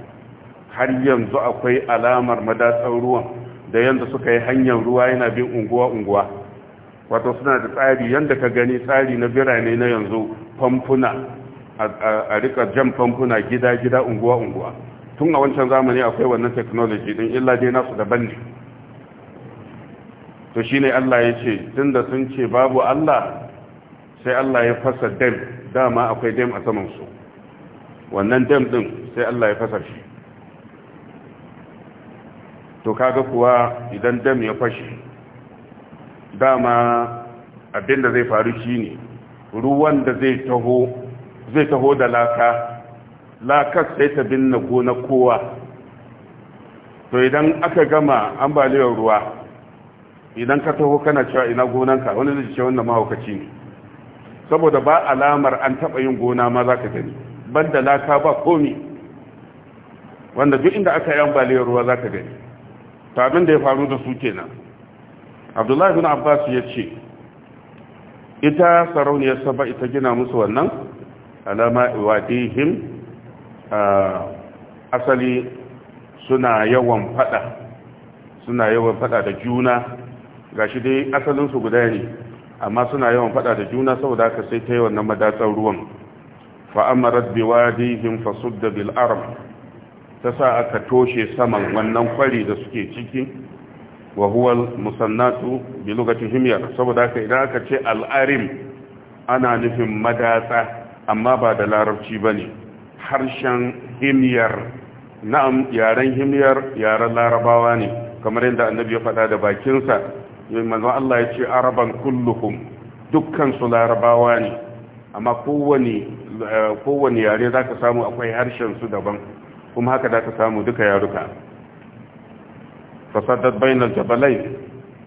har yanzu akwai alamar madatsar ruwan da yanda suka yi hanyar ruwa yana bin unguwa-unguwa wato suna da tsari yanda ka gani tsari na birane na yanzu famfuna a rika jan famfuna gida-gida unguwa-unguwa tun a wancan zamani akwai wannan technology din illa dai nasu daban ne to shine Allah ya ce tun da sun ce babu Allah sai Allah ya fasa dam dama akwai dam a saman su wannan dam din sai Allah ya fasa shi to kaga kuwa idan dam ya fashe dama abinda zai faru shine ruwan da zai taho zai taho da laka laka sai ta binne gona kowa to idan aka gama ambaliyar ruwa idan ka taho kana cewa ina gonanka wani zai ce wannan mahaukaci ne saboda ba alamar an taɓa yin gona ma za ka gani banda laka ba komi wanda duk inda aka yi ambaliyar ruwa za ka gani ta abin da ya faru da su kenan abdullahi bin abbas ya ce ita sarauniyar saba ita gina musu wannan alama iwadihim asali suna yawan fada suna yawan fada da juna gashi dai asalinsu guda ne amma suna yawan fada da juna saboda haka sai ta yi wannan madatsar ruwan fa'amarat biwadihim fasudda bil arab ta sa aka toshe saman wannan kwari da suke ciki wa huwa musannatu bi lugati himyar saboda haka idan aka ce al'arim ana nufin madatsa amma ba da larabci bane harshen himyar na'am yaren himyar yaren larabawa ne kamar yadda annabi ya faɗa da bakinsa yin Allah ya ce araban kulluhum dukkan su larabawa ne amma kowane eh, kowane yare zaka samu akwai harshen su daban kuma haka da ka samu duka yaruka fasaddat bainal jabalai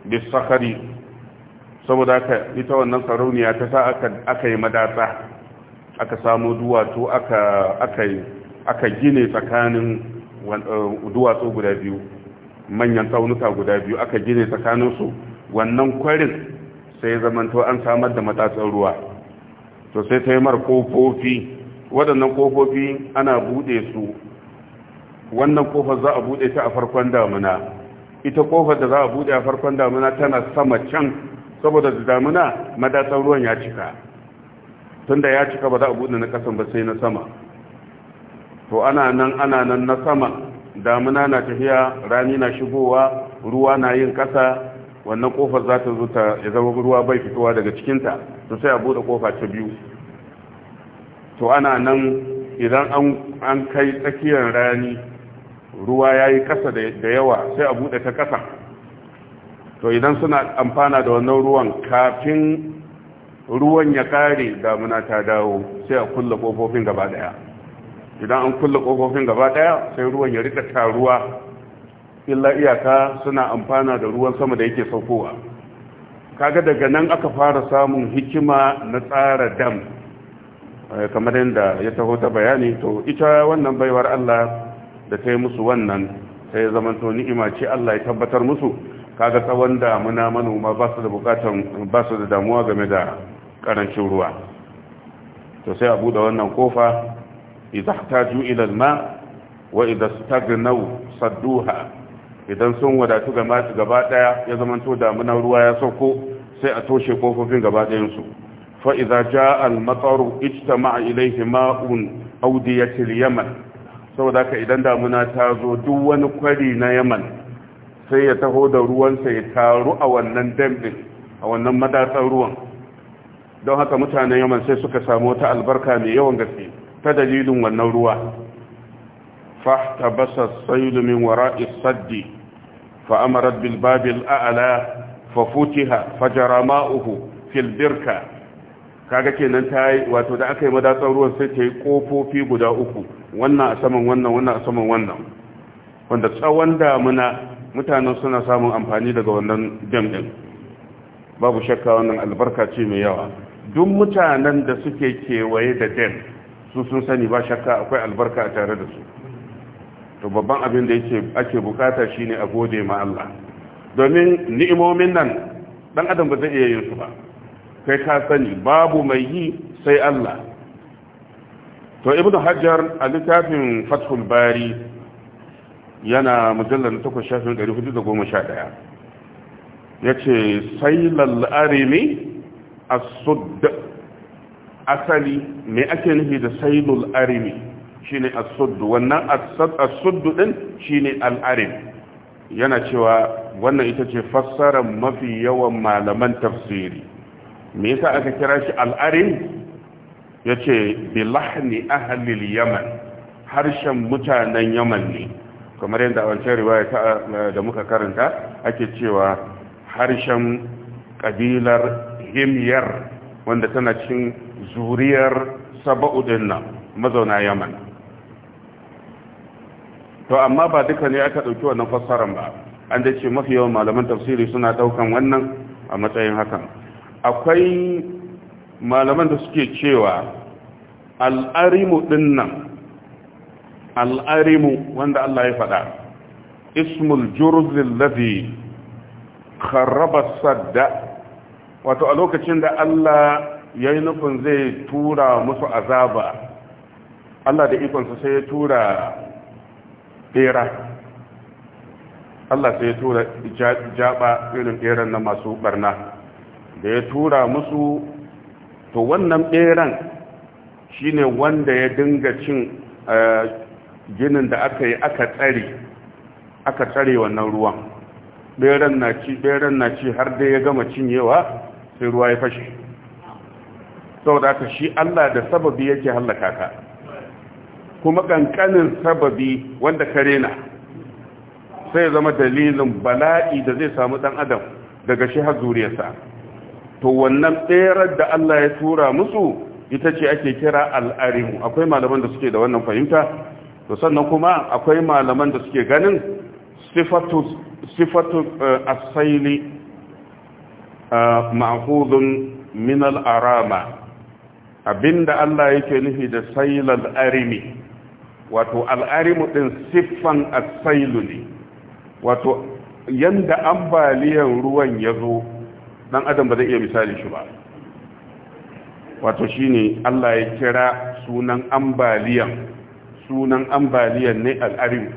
bis sakari saboda ka ita wannan sarauniya ta sa aka yi madatsa aka samu duwatsu aka gine tsakanin eh, duwatsu guda biyu manyan tsaunuka guda biyu aka gine tsakaninsu wannan kwarin sai zamanto an samar da matatsan ruwa to sai ta yi mar kofofi waɗannan kofofi ana buɗe su wannan kofar za a bude ta a farkon damuna ita kofar da za a bude a farkon damuna tana sama can saboda da damuna madatsar ruwan ya cika tunda ya cika ba za a bude na kasan ba sai na sama to ana nan ana nan na sama damuna na tafiya rani na shigowa ruwa na yin kasa wannan kofar za ta zo ta ya zama ruwa bai fitowa daga cikinta to sai a bude kofa ta biyu to ana nan idan an kai tsakiyar rani ruwa ya yi ƙasa da yawa sai a buɗe ta kasa to idan suna amfana da wannan ruwan kafin ruwan ya ƙare damuna ta dawo sai a kulle ƙofofin gaba ɗaya idan an kulle kofofin gaba ɗaya sai ruwan ya rika taruwa illa iyaka suna amfana da ruwan sama da yake saukowa kaga daga nan aka fara samun hikima na tsara dam eh, kamar yadda ya taho ta bayani to ita wannan baiwar Allah da ta yi musu wannan sai zamanto ni'ima ce Allah ya tabbatar musu kaga tsawon damuna manoma ba su da bukatan ba su da damuwa game da karancin ruwa to sai a buɗe wannan kofa ta ju ila ma wa idan stagnau sadduha idan sun wadatu gaba daya ya zamanto damuna ruwa ya sauko sai a toshe kofofin gaba dayan su fa idan ja al-matar ijtama'a ilayhi ma'un awdiyatil yaman saboda ka idan damuna ta zo duk wani kwari na yaman sai ya taho da ruwansa ya taru a wannan dambin a wannan madatsar ruwan don haka mutanen yaman sai suka samu wata albarka mai yawan gaske ta dalilin wannan ruwa fahta basa sailu min saddi fa'amarat bil babil a'la fa futiha fajara ma'uhu fil birka kaga kenan ta yi wato da aka yi madatsar ruwan sai ta yi kofofi guda uku wannan a saman wannan wannan a saman wannan wanda tsawon damuna mutanen suna samun amfani daga wannan dam din babu shakka wannan albarka ce mai yawa duk mutanen da suke kewaye da dam su sun sani ba shakka akwai albarka a tare da su to babban abin da yake ake bukata shine a gode ma Allah domin ni'imomin nan dan adam ba zai iya yin su ba kai ka sani babu mai yi sai Allah to ibnu hajjar a littafin fathul bari yana mujallar takwas shafin 411 ya ce sai lal'arimi a sudda asali mai ake nufi da sai lal'arimi shi ne a suddu wannan a suddu ɗin shi ne al'arim yana cewa wannan ita ce fassarar mafi yawan malaman tafsiri me yasa aka kira shi al'arin ya ce bilahni ahalil yaman harshen mutanen yaman ne kamar yadda a wancan riwaya da muka karanta ake cewa harshen kabilar himyar wanda tana cin zuriyar saba'udin nan mazauna yaman to amma ba duka ne aka ɗauki wannan fassarar ba an dace mafi yawan malaman tafsiri suna ɗaukan wannan a matsayin hakan akwai malaman da suke cewa al'arimu ɗinnan, al'arimu wanda Allah ya faɗa ismul jurzin lafi sadda wato a lokacin da Allah ya yi nufin zai tura musu azaba Allah da ikonsa sai ya tura ɗera Allah sai ya tura jaba irin ɗeran na masu ɓarna da ya tura musu to wannan beran ne wanda ya dinga cin eh, ginin da aka yi aka tsare aka tsari wannan ruwan beran na ci beran na ci har dai ya gama cinyewa sai ruwa ya fashe saboda aka shi Allah da sababi yake hallaka ka kuma kankanin sababi wanda ka rena sai zama dalilin bala'i da zai samu dan adam daga shi har zuriyarsa to wannan tserar da Allah ya tura musu ita ce ake kira al'arimu akwai malaman da suke da wannan fahimta to sannan kuma akwai malaman da suke ganin sifatu eh, asaili eh, ma'ahudun min al'arama abinda Allah yake nufi da sailal arimi wato al'arimu ɗin siffan asailu ne wato yanda ambaliyan ruwan ya zo dan adam ba zai iya misali shi ba wato shine Allah ya kira sunan ambaliyan sunan ambaliyan ne al'arim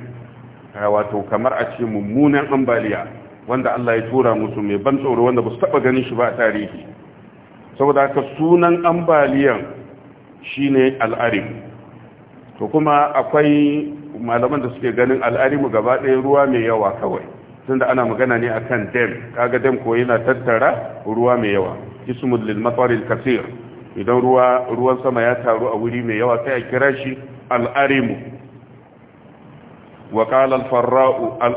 wato kamar a ce mummunan ambaliya wanda Allah ya tura musu mai ban tsoro wanda ba su taba ganin shi ba a tarihi saboda haka sunan ambaliyan shine al'arim to kuma akwai malaman da suke ganin al'arimu gaba ɗaya ruwa mai yawa kawai tunda ana magana ne a kan dem kaga dem ko yana tattara ruwa mai yawa ismul lil matar idan ruwan sama ya taru a wuri mai yawa sai a kira shi al arimu wa qala al farra'u al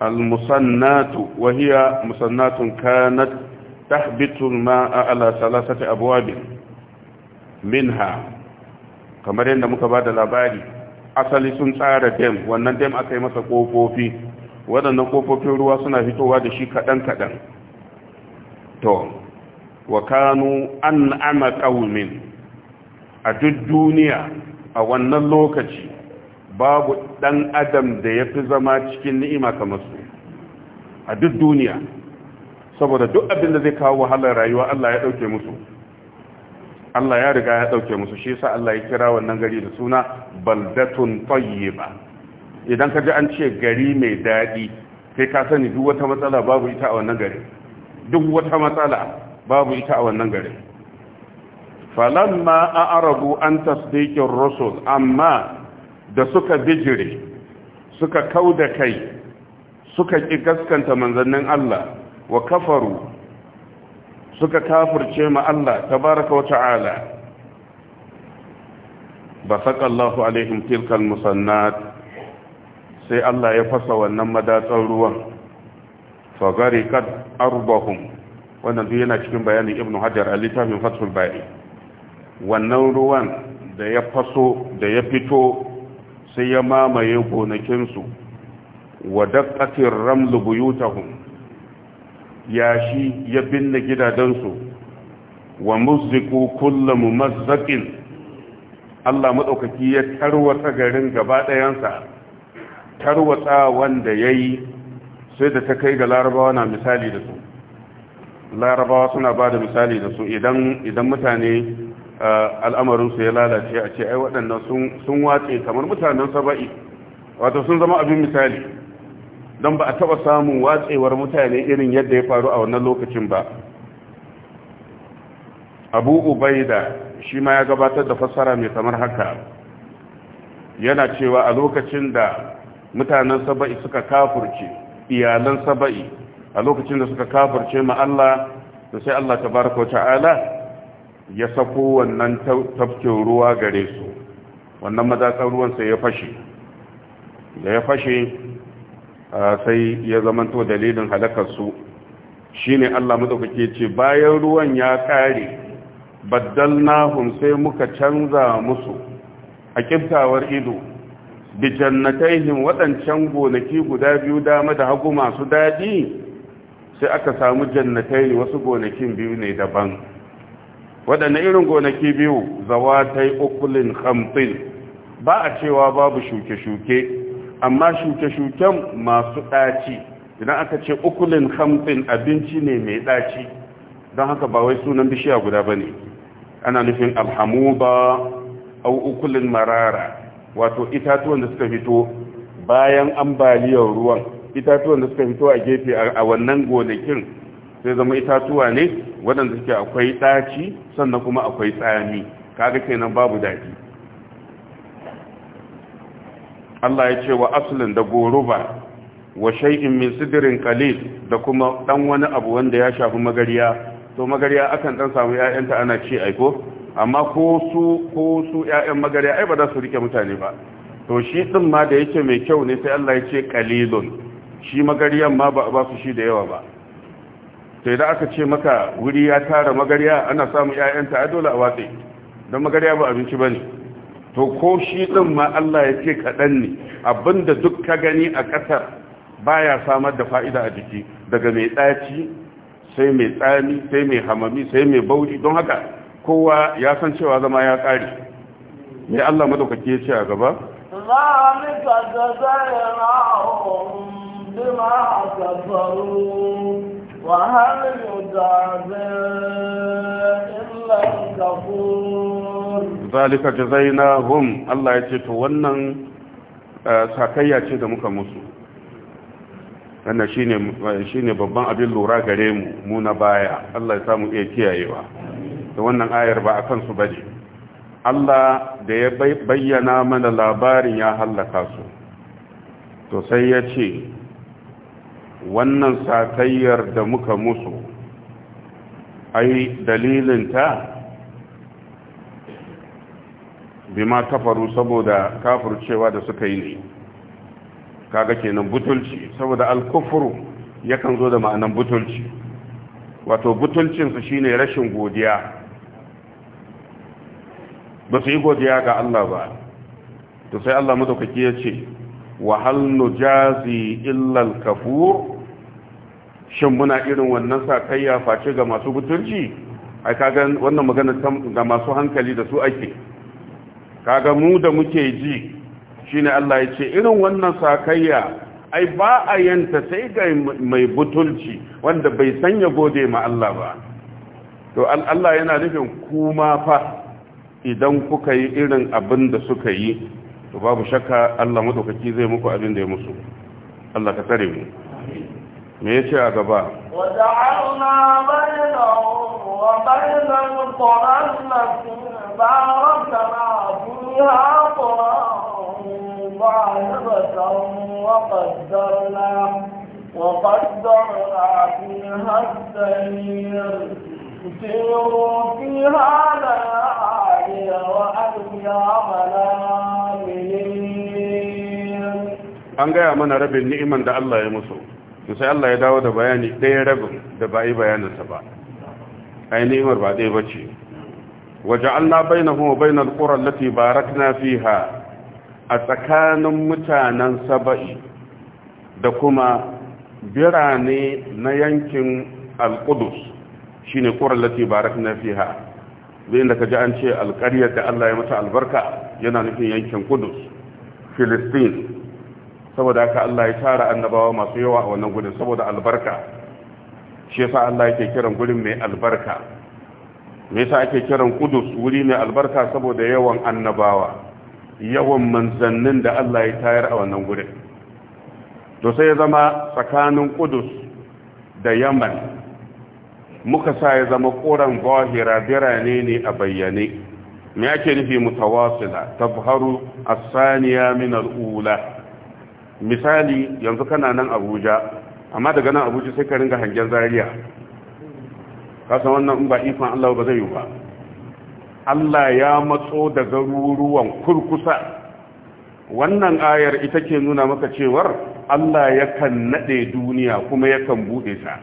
al musannatu wa hiya musannatun kanat tahbitu ma'a ala thalathati minha kamar yadda muka bada labari asali sun tsara dem. wannan dem aka yi masa kofofi waɗannan ƙofofin ruwa suna fitowa da shi kaɗan-kaɗan to wa kanu an ama ƙawumin a duk duniya a wannan lokaci babu ɗan adam da ya fi zama cikin ni'ima kamar su a duk duniya saboda duk abin da zai kawo wahalar rayuwa Allah ya ɗauke musu Allah ya riga ya ɗauke musu shi sa Allah ya kira wannan gari da suna baldatun tayyiba idan ka ji an ce gari mai daɗi sai ka sani duk wata matsala babu ita a wannan gari duk wata matsala babu ita a wannan gari falamma a arabu an tasdikin rasul amma da suka bijire suka kau da kai suka ƙi gaskanta manzannin Allah wa kafaru suka kafirce ma Allah tabaraka wa ta'ala ba allahu alaihim tilkal musannat sai Allah ya fasa wannan madatsar ruwan kad arbahum wannan duk yana cikin bayanin ibn hajar a littafin fathul bari wannan ruwan da ya faso da ya fito sai ya mamaye gonakinsu wa daqqatir ramlu buyutahum yashi ya binne gidadansu wa muzziqu kullu mumazzaqin Allah madaukaki ya tarwata garin gaba dayansa tarwatsa wanda ya yi sai da ta kai ga larabawa na misali da su larabawa suna ba da misali da su idan mutane al'amarinsu ya lalace a ce ai waɗannan sun watse kamar mutanen saba'i wato sun zama abin misali don ba a taɓa samun watsewar mutane irin yadda ya faru a wannan lokacin ba abu ubaida shi ma ya gabatar da fassara mai kamar haka yana cewa a lokacin da mutanen saba'i suka kafurce iyalan saba'i a lokacin da suka kafurce ma Allah da sai Allah tabaraka ta'ala ya sako wannan tafkin ruwa gare su wannan madatsar ruwan sai ya fashe da ya fashe sai ya zamanto dalilin halakar su shine Allah madaukake ce bayan ruwan ya kare baddalnahum sai muka canza musu a kiftawar ido bi jannatayhim waɗancan gonaki guda biyu dama da hagu masu daɗi sai aka samu jannatai wasu gonakin biyu ne daban waɗanne irin gonaki biyu zawatai ukulin hamtin ba a cewa babu shuke-shuke amma shuke-shuken masu ɗaci idan aka ce ukulin hamtin abinci ne mai ɗaci don haka ba wai sunan bishiya guda ba ne ana nufin alhamu ba au ukulin marara wato itatuwan da suka fito bayan ambaliyar ruwan itatuwan da suka fito a gefe a wannan gonakin sai zama itatuwa ne waɗanda suke akwai ɗaci sannan kuma akwai tsami kaga kenan babu daɗi Allah ya ce wa asulin da goruba wa shay'in min sidirin qalil da kuma dan wani abu wanda ya shafi magariya to magariya akan dan samu 'ya'yanta ana ci aiko amma ko su ko su ƴaƴan magarya ai ba za su rike mutane ba to shi din ma da yake mai kyau ne sai Allah ya ce qalilun shi magaryan ma ba ba su shi da yawa ba to idan aka ce maka wuri ya tara magarya ana samu ƴaƴanta a dole a watsi don magarya ba abinci bane to ko shi din ma Allah ya ce kadan ne abinda duk ka gani a ƙasar baya samar da fa'ida a jiki daga mai ɗaci sai mai tsami sai mai hamami sai mai bauri don haka kowa ya san cewa zama ya ƙare mai Allah madaukake ya ce a gaba zalika jazaina hum Allah ya ce to wannan eh, sakayya ce da muka musu wannan shine babban abin lura gare mu mu na baya Allah ya samu iya kiyayewa da wannan ayar ba a kansu ba ne Allah da ya bayyana mana labarin ya hallaka su to sai ya ce wannan satayyar da muka musu ai dalilinta bima kafaru saboda cewa da suka yi ne kaga kenan butulci saboda alkufuru yakan zo da ma'anan butulci wato butulcinsu shine rashin godiya ba su yi godiya ga Allah ba to sai Allah madaukaki ya ce wa hal nujazi illa al-kafur shin muna irin wannan sakayya face ga masu butulci ai kaga wannan magana ga masu hankali da su ake kaga mu da muke ji shine Allah ya ce irin wannan sakayya ai ba a yanta sai ga mai butulci wanda bai sanya gode ma Allah ba to Allah yana nufin kuma fa idan kuka yi irin abin da suka yi to babu shakka Allah madaukaki zai muku abin da ya musu Allah ka tsare mu me yace a gaba wa ta'awna bainahum wa bainal qur'anati barakna fiha qur'an وقدرنا وقدرنا فيها السير سيروا فيها ليالي an gaya mana rabin ni'iman da Allah ya musu sai Allah ya dawo da bayani ɗaya rabin da ba yi bayaninsa ba ai ni'imar ba ɗaya bace waja'alna bainahum wa lati barak na fi ha a tsakanin mutanen saba'i da kuma birane na yankin al-qudus shine barak na fi ha. bin da ka ji an ce alƙaryar da Allah ya mata albarka yana nufin yankin kudus filistin saboda haka Allah ya tara annabawa masu yawa a wannan gudun saboda albarka shi yasa Allah yake kiran gurin mai albarka me yasa ake kiran kudus wuri mai albarka saboda yawan annabawa yawan manzannin da Allah ya tayar a wannan gurin to sai ya zama tsakanin kudus da yaman muka sa ya zama ƙoran zahira birane ne a bayyane me ake nufi mutawasila tabharu as-saniya min al misali yanzu kana nan Abuja amma daga nan Abuja sai ka ringa hangen Zariya. ka san wannan in ba ifan Allah ba zai yi ba Allah ya matso da garuruwan kurkusa wannan ayar ita ke nuna maka cewar Allah ya kan naɗe duniya kuma ya kan buɗe ta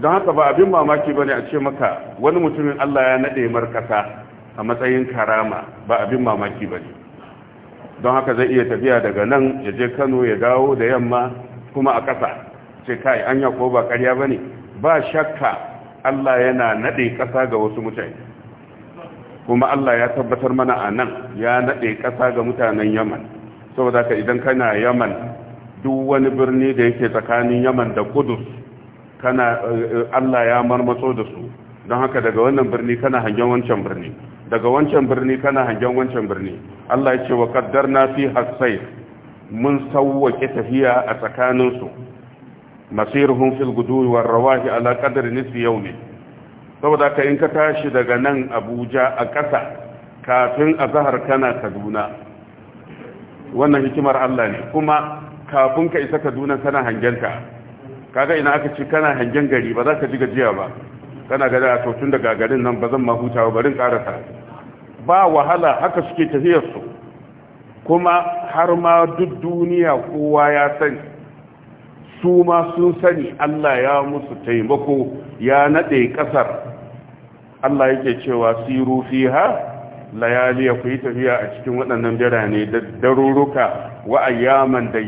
don haka ba abin mamaki ba ne a ce maka wani mutumin Allah ya naɗe markasa a matsayin karama ba abin mamaki bane don haka zai iya tafiya daga nan ya je Kano ya dawo da yamma kuma a ƙasa ce kai anya ko ba ƙarya bane ba shakka Allah yana nade ƙasa ga wasu mutane kuma Allah ya tabbatar mana a nan ya naɗe ƙasa ga mutanen Yaman saboda haka idan kana Yaman duk wani birni da yake tsakanin Yaman da Kudus kana Allah ya marmatso da su don haka daga wannan birni kana hangen wancan birni daga wancan birni kana hangen wancan birni Allah ya ce wa na fi hasai mun sawwake tafiya a tsakanin su masiruhum fil gudu war rawahi ala qadri nisfi yawmi saboda ka in ka tashi daga nan Abuja a ƙasa kafin azhar kana Kaduna wannan hikimar Allah ne kuma kafin ka isa Kaduna kana hangenta kaga ina aka ce kana hangen gari ba za ka ji gajiya ba kana gada a tun daga garin nan ba zan ma ba barin karasa ba wahala haka suke tafiyar su kuma har ma duk duniya kowa ya sani su ma sun sani Allah ya musu taimako ya nade ƙasar. Allah yake cewa siru fiha layali ku yi tafiya a cikin waɗannan birane da daruruka wa ayyaman da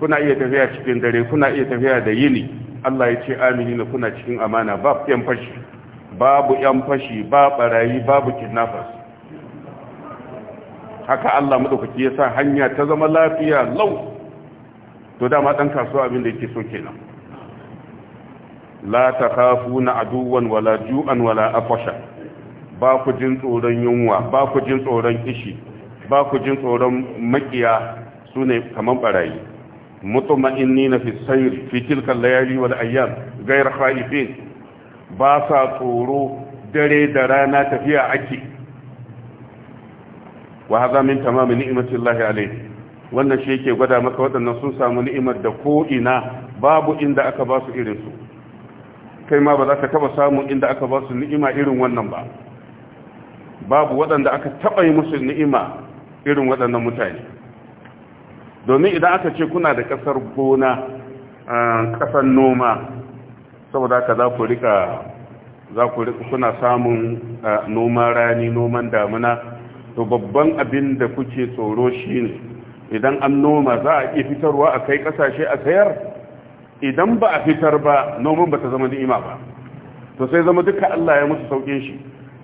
kuna iya tafiya cikin dare kuna iya tafiya da yini Allah ya ce na kuna cikin amana ba yan fashi babu yan fashi ba barayi babu kidnappers haka Allah madaukaki ya sa hanya ta zama lafiya lau to dama dan kasuwa abin da yake so kenan la takhafuna aduwan wala ju'an wala afasha ba ku jin tsoron yunwa ba ku jin tsoron kishi ba ku jin tsoron makiya su ne barayi fi مطمئنين في السير في تلك الليالي والأيام غير خائفين باسا طورو دري درانا تفيا عكي وهذا من تمام نعمة الله عليه wannan shi yake gwada maka waɗannan sun samu ni'imar da ko ina babu inda aka ba su irin su. kai ma ba za ka taba samun inda aka ba su ni'ima irin wannan ba babu waɗanda aka taba yi musu ni'ima irin waɗannan mutane domin idan aka ce kuna da kasar gona kasar noma saboda ka za ku rika za ku rika kuna samun noman rani noman damuna to babban abin da kuke tsoro shi ne idan an noma za a iya fitarwa a kai kasashe a sayar idan ba a fitar ba noman ba ta zama ni'ima ba to sai zama duka Allah ya musu saukin shi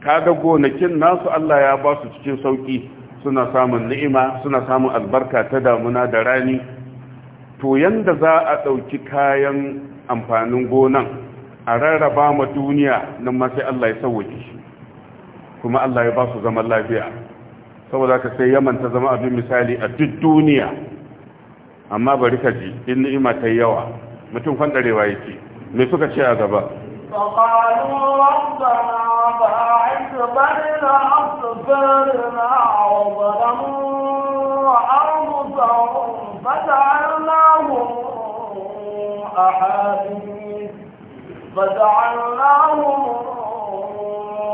kaga gonakin nasu Allah ya ba su cikin sauki suna samun ni'ima suna samun albarka ta damuna da rani to yanda za a ɗauki kayan amfanin gonan a rarraba ma duniya nan ma sai Allah ya sauwake shi kuma Allah ya ba su zaman lafiya saboda ka sai yaman ta zama abin misali a duk duniya amma bari ka ji in ni'ima ta yawa mutum fandarewa yake me suka ce a gaba فقالوا ربنا باعث بين أصفارنا وظلموا أنفسهم فجعلناهم أحاديث فجعلناهم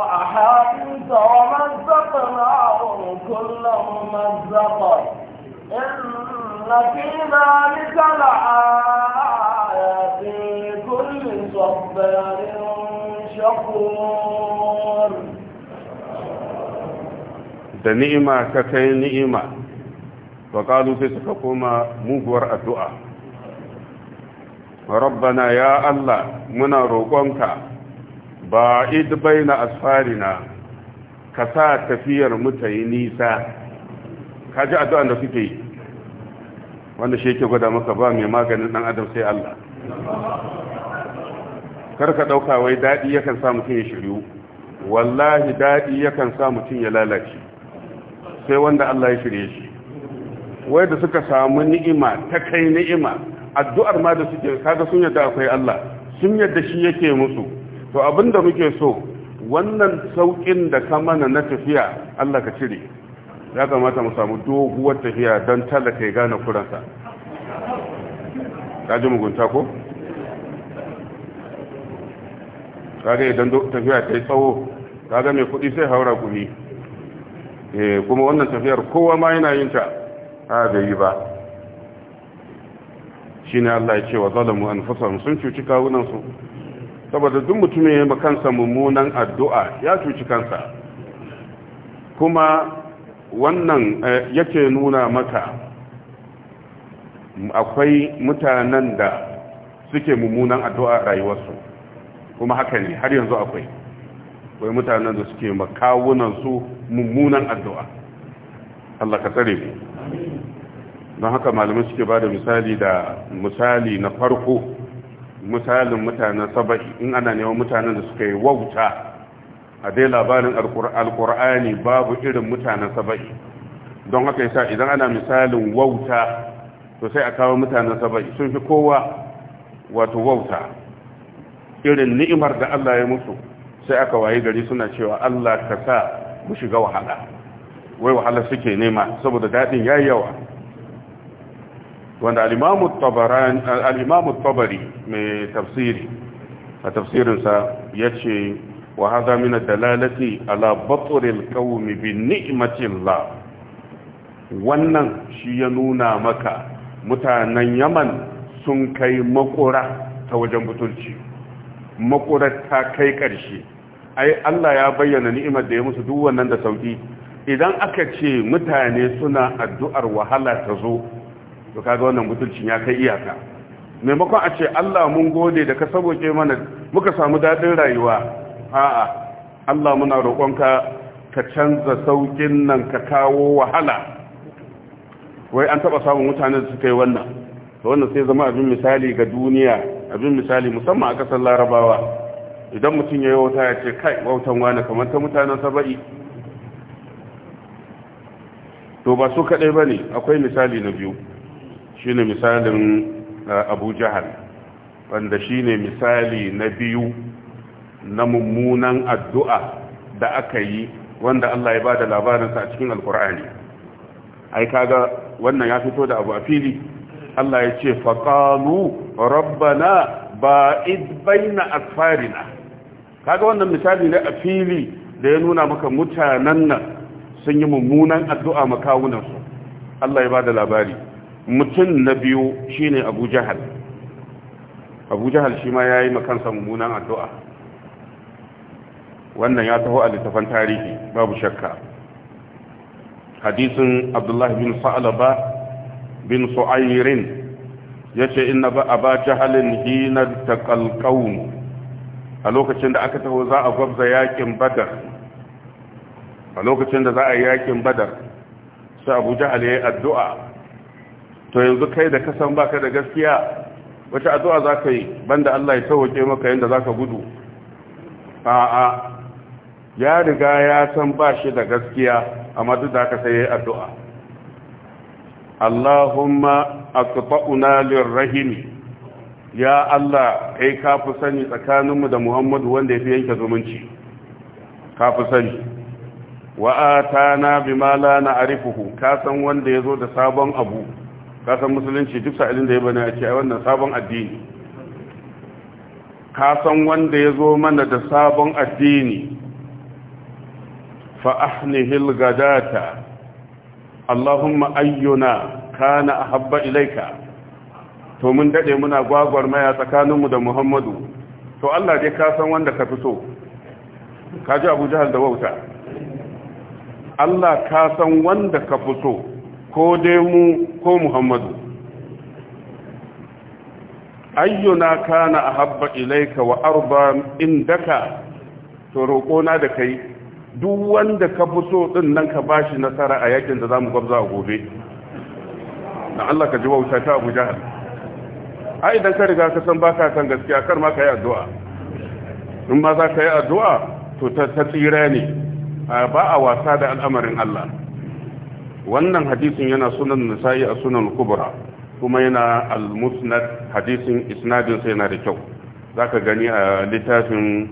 أحاديث ومزقناهم كل ممزق إن في ذلك لآية da ni'ima ka kai ni'ima wa kalu sai suka koma muguwar addu'a rabbana ya Allah muna roƙonka ba id baina asfarina ka sa tafiyar mu ta yi nisa ka ji addu'an da suke yi wanda shi yake gwada maka ba mai maganin ɗan adam sai Allah karka ɗauka wai daɗi yakan sa mutun ya shiryu wallahi daɗi yakan sa mutun ya lalace sai wanda Allah ya shirye shi wai da suka samu ni'ima ta kai ni'ima addu'ar ma da suke kaga sun yadda akwai Allah sun yadda shi yake musu to abinda muke so wannan saukin da ka mana na tafiya Allah ka cire ya kamata mu samu doguwar tafiya don talaka ya gane kuransa Ka ji mugunta ko? kaga idan tafiya ta yi tsawo kaga mai kuɗi sai haura kuɗi eh, kuma wannan tafiyar kowa ma yana yin ta a bai yi ba shi ne Allah ya ce wa zalamu an sun cuci kawunansu saboda duk mutum ya yi kansa mummunan addu'a ya cuci kansa kuma wannan eh, yake nuna maka akwai mutanen da suke mummunan addu'a rayuwarsu kuma haka ne har yanzu akwai wai mutanen da suke makawunan su mummunan addu'a Allah ka tsare mu don haka malamai suke ba da misali da misali na farko misalin mutanen saba'i in ana neman mutanen da suka yi wauta a dai labarin alkur'ani babu irin mutanen saba'i don haka yasa idan ana misalin wauta to sai a kawo mutanen saba'i sun fi kowa wato wauta irin ni'imar da Allah ya musu sai aka waye gari suna cewa Allah ka sa mu shiga wahala wai wahala suke nema saboda dadin yayi yawa wanda al-Imam tabarani al tabari mai tafsiri a tafsirin sa yace wa hadha min ad-dalalati ala batr al-qawm bi ni'mati Allah wannan shi ya nuna maka mutanen Yaman sun kai makura ta wajen butulci makurar kai ƙarshe ai Allah ya bayyana ni'imar da ya musu duk wannan da sauki idan aka ce mutane suna addu'ar wahala ta zo to kaga wannan mutuncin ya kai iyaka maimakon a ce Allah mun gode da ka saboke mana muka samu dadin rayuwa a'a Allah muna roƙonka ka canza saukin nan ka kawo wahala wai an taba samun mutane da suka yi wannan to wannan sai zama abin misali ga duniya abin misali musamman a kasar larabawa idan mutum ya yi wata ya ce kai wautan wane kamar ta mutanen saba'i to ba su kaɗai ba ne akwai misali na biyu shi ne misalin eh, abu jihar wanda shi ne misali na biyu na mummunan addu'a da aka yi wanda Allah ya ba da labarinsa a cikin alkur'ani ai kaga wannan ya fito da abu a fili Allah ya ce faƙalu rabbana ba'id baina asfarina kaga wannan misali ne a fili da ya nuna maka mutanen nan sun yi mummunan addu'a makawunansu Allah ya ba da labari mutum na biyu shine abu jahal abu jahal shi ma ya yi makansa mummunan addu'a wannan ya taho a littafan tarihi babu shakka hadisin abdullahi bin sa'alaba bin Su'ayirin ya ce inna ba a ba jahalin hinar ta a lokacin da aka taho za a gwabza yakin badar a lokacin da za a yi yakin badar sai abu jahal ya yi addu'a to yanzu kai da kasan baka da gaskiya wace addu'a za ka yi banda Allah ya sauwake maka yadda za ka gudu a'a ya riga ya san ba shi da gaskiya amma duk da aka sai ya yi addu'a Allahumma aqta'una lirrahimi ya Allah kai ka fi sani tsakaninmu da Muhammadu wanda yafi yanke zumunci ka fi sani wa atana bima la na'rifuhu ka san wanda yazo da sabon abu ka san musulunci duk sa'ilin da ya bane a ce ai wannan sabon addini ka san wanda yazo mana da sabon addini fa ahnihil gadata Allahumma ayyuna kana ahabba ilaika to mun dade muna gwagwarmaya tsakaninmu da Muhammadu to Allah dai ka san wanda ka fi so kaji Abu Jahal da wauta Allah ka san wanda ka fi so ko dai mu ko Muhammadu ayyuna kana ahabba ilaika wa arba indaka to roƙona da kai duk wanda ka fi so din nan ka bashi nasara a yakin da zamu gwabza a gobe na Allah ka ji wauta ta Abu Jahal ai idan ka riga ka san baka san gaskiya kar ma ka yi addu'a in ma za ka yi addu'a to ta tsira ne ba a wasa da al'amarin Allah wannan hadisin yana sunan nisa'i a sunan kubra kuma yana al-musnad hadisin isnadin sai yana da kyau zaka gani a littafin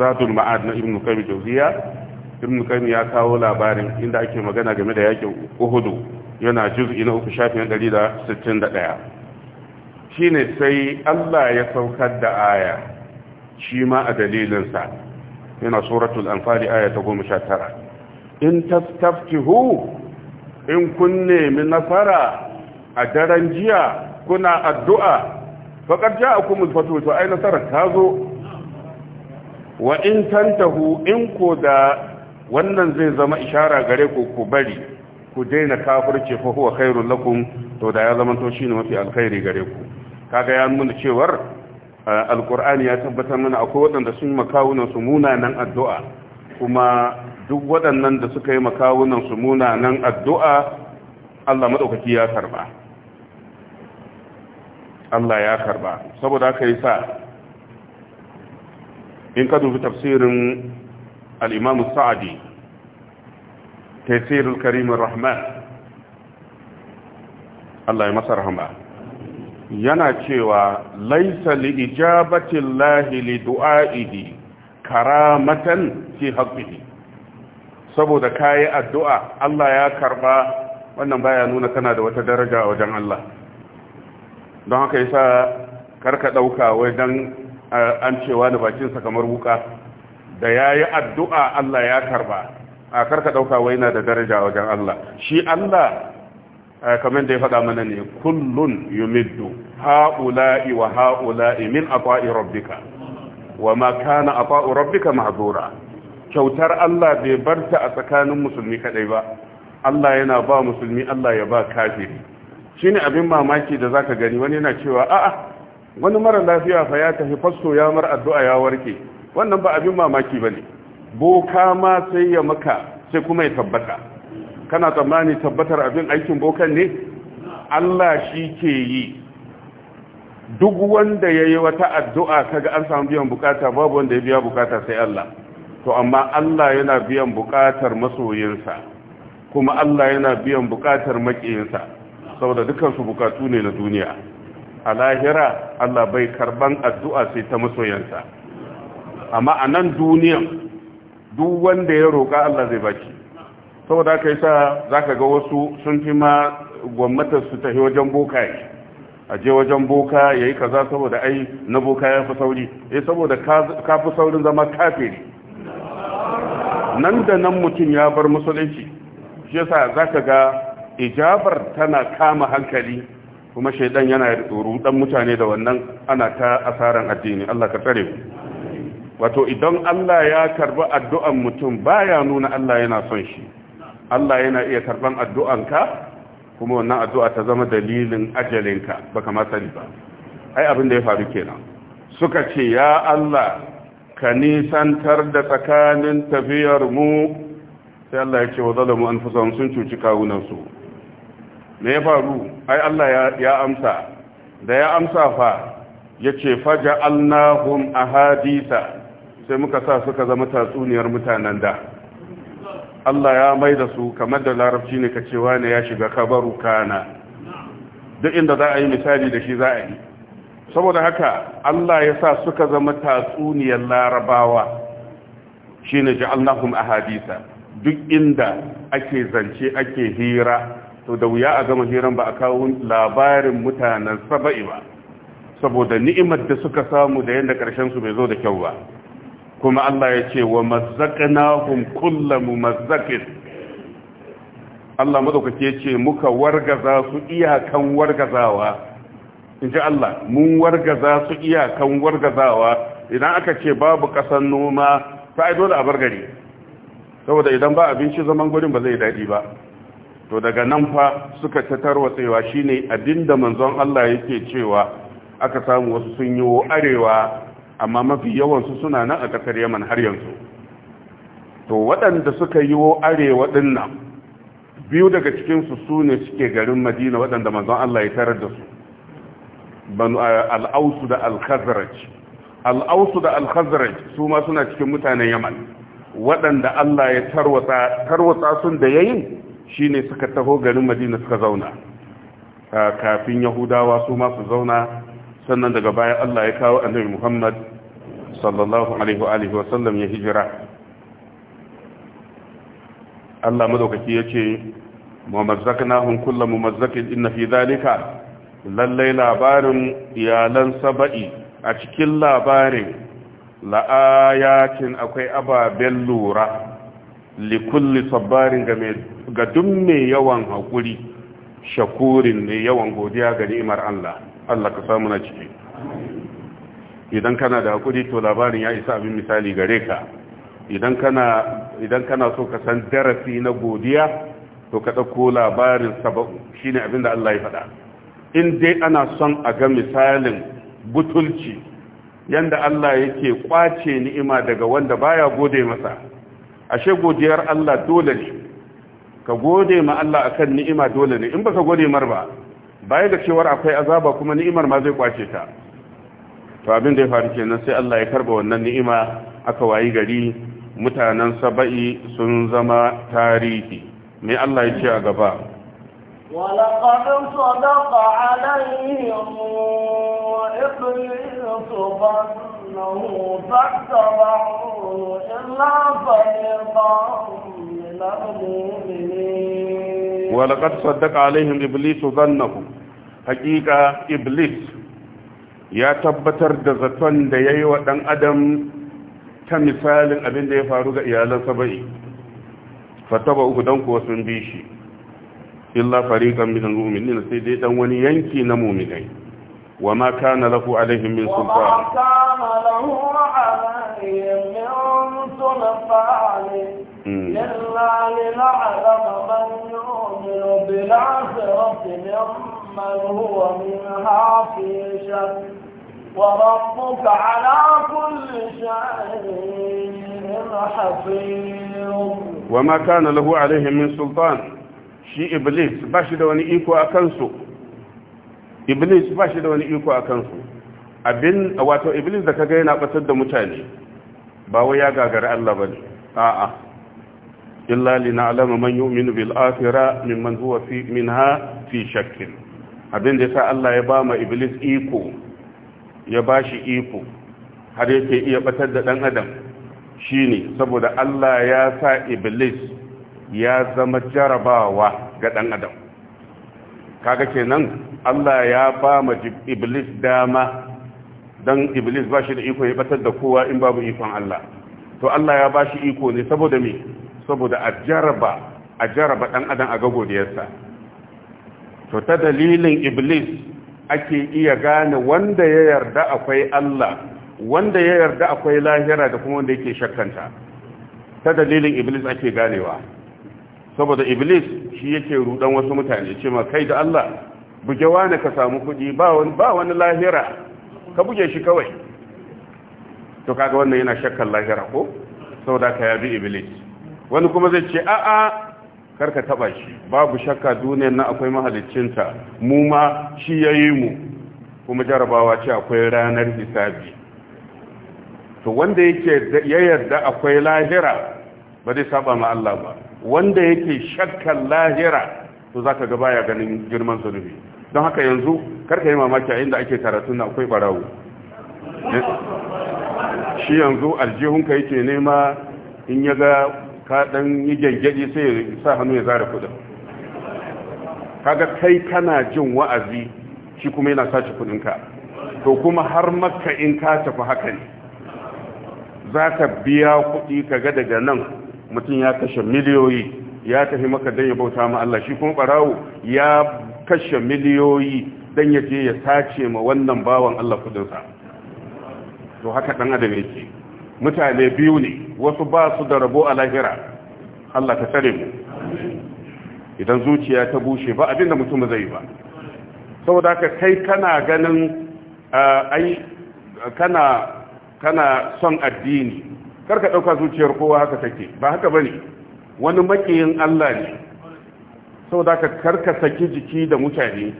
zadul ma'ad na ibnu qayyim jawziya ibn qayyim ya kawo labarin inda ake magana game da yakin uhudu yana juz'i na uku shafin 161 shine sai Allah ya saukar da aya shi ma a dalilin sa yana suratul anfal aya ta 19 in tastaftihu in kun nemi nasara a daren jiya kuna addu'a faƙar ja a kuma fatu to ai nasarar ta zo wa in tantahu in ko da wannan zai zama ishara gare ku ku bari ku daina kafirce fa huwa khairul lakum to da ya zama to shine mafi alkhairi gare ku kaga ya nuna cewar alqur'ani ya tabbatar mana akwai waɗanda sun makawunan su munanan addu'a kuma duk waɗannan da suka yi makawunan su munanan addu'a Allah madaukaki ya karba Allah ya karba saboda kai sa in ka dubi tafsirin al-imam ya masa rahama yana cewa laisa li ijabati saboda addu'a Allah ya karba wannan baya nuna kana da wata daraja a wajen Allah don haka yasa karka ɗauka wai dan an cewa da bakin kamar wuka da ya yi addu'a Allah ya karba a karka ɗauka wai na da daraja wajen Allah shi Allah kamar da ya faɗa mana ne kullun yumiddu ha'ula'i wa ha'ula'i min akwai rabbika wa ma kana rabbika mahzura kyautar Allah bai barta a tsakanin musulmi kadai ba Allah yana ba musulmi Allah ya ba kafiri shine abin mamaki da zaka gani wani yana cewa a'a wani mara lafiya fa ya tafi fasto ya mar addu'a ya warke wannan ba abin mamaki ba ne boka ma sai ya maka sai kuma ya tabbata kana tsammani tabbatar abin aikin bokan ne Allah shi ke yi duk wanda ya yi wata addu'a kaga an samu biyan bukata babu wanda ya biya bukata sai Allah to amma Allah yana biyan bukatar masoyinsa kuma Allah yana biyan bukatar makiyinsa saboda dukansu bukatu ne na duniya a lahira Allah bai karban addu'a sai ta masoyansa amma a nan duniya duk wanda ya roƙa Allah zai baki saboda yi sa za ka ga wasu sun fi ma gwamnatar su tafi wajen boka yi a je wajen boka ya yayi kaza saboda ai na boka ya fi sauri eh saboda ka fi saurin zama kafiri nan da nan mutum ya bar musulunci shi yasa ka ga ijabar tana kama hankali kuma shaidan yana rudan mutane da wannan ana ta asaran addini Allah ka tsare mu wato idan Allah ya karbi addu'an mutum baya nuna Allah yana son shi Allah yana iya karban addu'anka kuma wannan addu'a ta zama dalilin ajalinka ka ma sani ba ai abin da ya faru kenan suka ce ya Allah ka nisantar da tsakanin tafiyar mu sai Allah ya ce wa zalamu sun cuci kawunan su me ya faru ai Allah ya amsa da ya amsa fa ya yace faja'alnahum ahadisa sai muka sa suka zama tatsuniyar mutanen da Allah ya mai da su kamar da larabci ne ka cewa ne ya shiga kabaru kana duk inda za a yi misali da shi za a yi saboda haka Allah ya sa suka zama tatsuniyar larabawa shine ja'alnahum ahadisa duk inda ake zance ake hira to da wuya a gama hiran ba a kawo labarin mutanen saba'i ba saboda ni'imar da suka samu da yadda ƙarshen su bai zo da kyau ba kuma Allah ya ce wa mazzaqnahum kullu mumazzaqin Allah ke ce muka wargaza su iyakan wargazawa In ji Allah mun wargaza su iyakan wargazawa idan aka ce babu kasan noma ta dole a bar gari saboda idan ba abinci zaman gurin ba zai dadi ba to daga nan fa suka ta tarwatsewa shine abinda manzon Allah yake cewa aka samu wasu sun yi arewa amma mafi yawansu suna nan a ƙasar yaman har yanzu to waɗanda suka yi wo arewa ɗin biyu daga cikinsu su ne suke garin madina waɗanda manzon Allah ya tarar da su al'ausu da al-khazraj al'ausu da al-khazraj su ma suna cikin mutanen yaman waɗanda Allah ya tarwatsa sun da yayin shine suka taho garin madina suka zauna kafin yahudawa su ma su zauna sannan daga bayan Allah ya kawo annabi Muhammad sallallahu alaihi wa alihi wasallam ya hijira Allah madaukaki yace mumazzaknahum kullu mumazzakin inna fi dhalika lallai labarin iyalan saba'i a cikin labarin la'ayakin akwai ababen lura likulli sabbarin ga duk mai yawan haƙuri shakurin mai yawan godiya ga ni'imar Allah Allah ka samu na ciki idan kana da hakuri to labarin ya isa abin misali gare ka idan kana so ka san darasi na godiya to ka ɗauko labarin saba'u shine abin da Allah ya faɗa in dai ana son a ga misalin butulci yadda Allah yake kwace ni'ima daga wanda baya gode masa ashe godiyar Allah dole ne ka gode ma Allah akan ni'ima dole ne in baka gode mar ba baya da cewar akwai azaba kuma ni'imar ma zai kwace ta to abin da ya faru kenan sai Allah ya karba wannan ni'ima aka wayi gari mutanen saba'i sun zama tarihi me Allah ya ce a gaba ولقد صدق عليهم إبليس ظنه فاتبعوا إلا فريقا من المؤمنين ولقد صدق عليهم إبليس ظنه حقيقة إبليس ya tabbatar da zaton da ya yi wa ɗan adam ta misalin abin da ya faru ga iyalansa bai fataba uku don kuwa sun bi shi illa fariƙan min al-mu'minin sai dai dan wani yanki na mu'minai wa ma kana lahu alaihim min sultan wa ma kana lahu alaihim min sultan hmm. illa lin'alama man yu'minu bil akhirati mimman huwa minha fi shakk وربك على كل شيء حفيظ وما كان له عليهم من سلطان شي إبليس باشد ونئيكو أكنسو إبليس باشد ونئيكو أكنسو abin wato iblis da kaga yana batar da mutane ba wai ya gagari Allah bane a'a illa lina'lama man yu'minu bil akhirah mimman huwa fi minha fi shakkin abin da yasa Allah ya ba ma iblis iko ya ba shi iko har yake iya batar da ɗan adam shine saboda Allah ya sa iblis ya zama jarabawa ga ɗan adam kaga kenan Allah ya ba ma iblis dama don iblis ba shi da iko ya batar da kowa in babu ikon Allah to Allah ya ba shi iko ne saboda me saboda a jaraba a jaraba ɗan adam a ga godiyarsa to ta dalilin iblis ake iya gane wanda ya yarda akwai Allah wanda ya yarda akwai lahira da kuma wanda yake shakkanta ta dalilin iblis ake ganewa saboda iblis shi yake rudan wasu mutane ce ma kai da Allah buge wani ka samu kudi ba wani ba wani lahira ka buge shi kawai to kaga wannan yana shakkan lahira ko saboda ka yabi iblis wani kuma zai ce a'a karka taba shi babu shakka duniyar na akwai mahalicinta mu ma shi ya yi mu kuma jarabawa ce akwai ranar hisabi to wanda yake ya yarda akwai lahira ba zai saba ma Allah ba wanda yake shakkan lahira to zaka ga baya ganin girman zulubi don haka yanzu karka yi mamaki a inda ake karatun na akwai barawo eh, shi yanzu aljihunka yake nema in ya ga ka dan yi gyangyaɗi sai ya sa hannu ya zara kudin kaga kai kana jin wa'azi shi kuma yana sace kudinka to kuma har makka in ka tafi haka ne za ka biya kuɗi kaga daga nan mutum ya kashe miliyoyi ya tafi maka don ya bauta ma Allah shi kuma ɓarawo ya kashe miliyoyi don ya je ya sace ma wannan bawan Allah kudinsa to haka ɗan adam yake mutane biyu ne wasu ba su da rabo a lahira Allah ta tsare mu idan zuciya ta bushe ba abin da mutum zai ba saboda ka kai kana ganin ai kana kana son addini karka dauka zuciyar kowa haka take ba haka bane wani makiyin Allah ne saboda ka karka saki jiki da mutane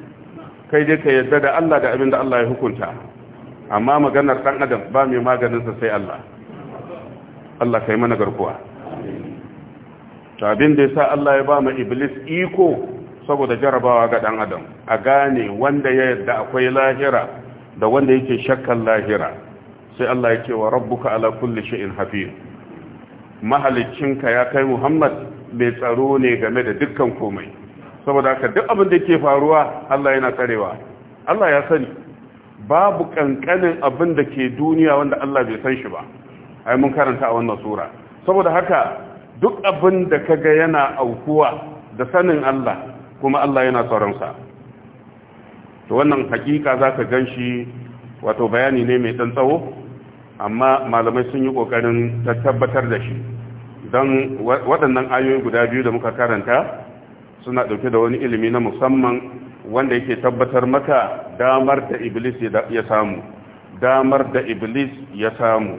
kai dai ka yarda da Allah da abin da Allah ya hukunta amma maganar dan adam ba mai maganin sa sai Allah Allah ka yi mana garkuwa abin da yasa Allah ya ba mu iblis iko saboda jarabawa ga ɗan adam a gane wanda ya yadda akwai lahira da wanda yake shakkan lahira sai Allah ya ce wa rabbuka ala kulli shay'in hafiz mahalicinka ya kai Muhammad mai tsaro ne game da dukkan komai saboda haka duk abin da yake faruwa Allah yana karewa Allah ya sani babu kankanin abin da ke duniya wanda Allah bai san shi ba ai mun karanta a wannan sura saboda haka duk abin da kaga yana aukuwa da sanin Allah kuma Allah yana tsaron sa to wannan hakika zaka ganshi wato bayani ne mai dan tsawo amma malamai sun yi kokarin tabbatar da shi dan waɗannan ayoyi guda biyu da muka karanta suna ɗauke da wani ilimi na musamman wanda yake tabbatar maka damar da iblis ya samu damar da iblis ya samu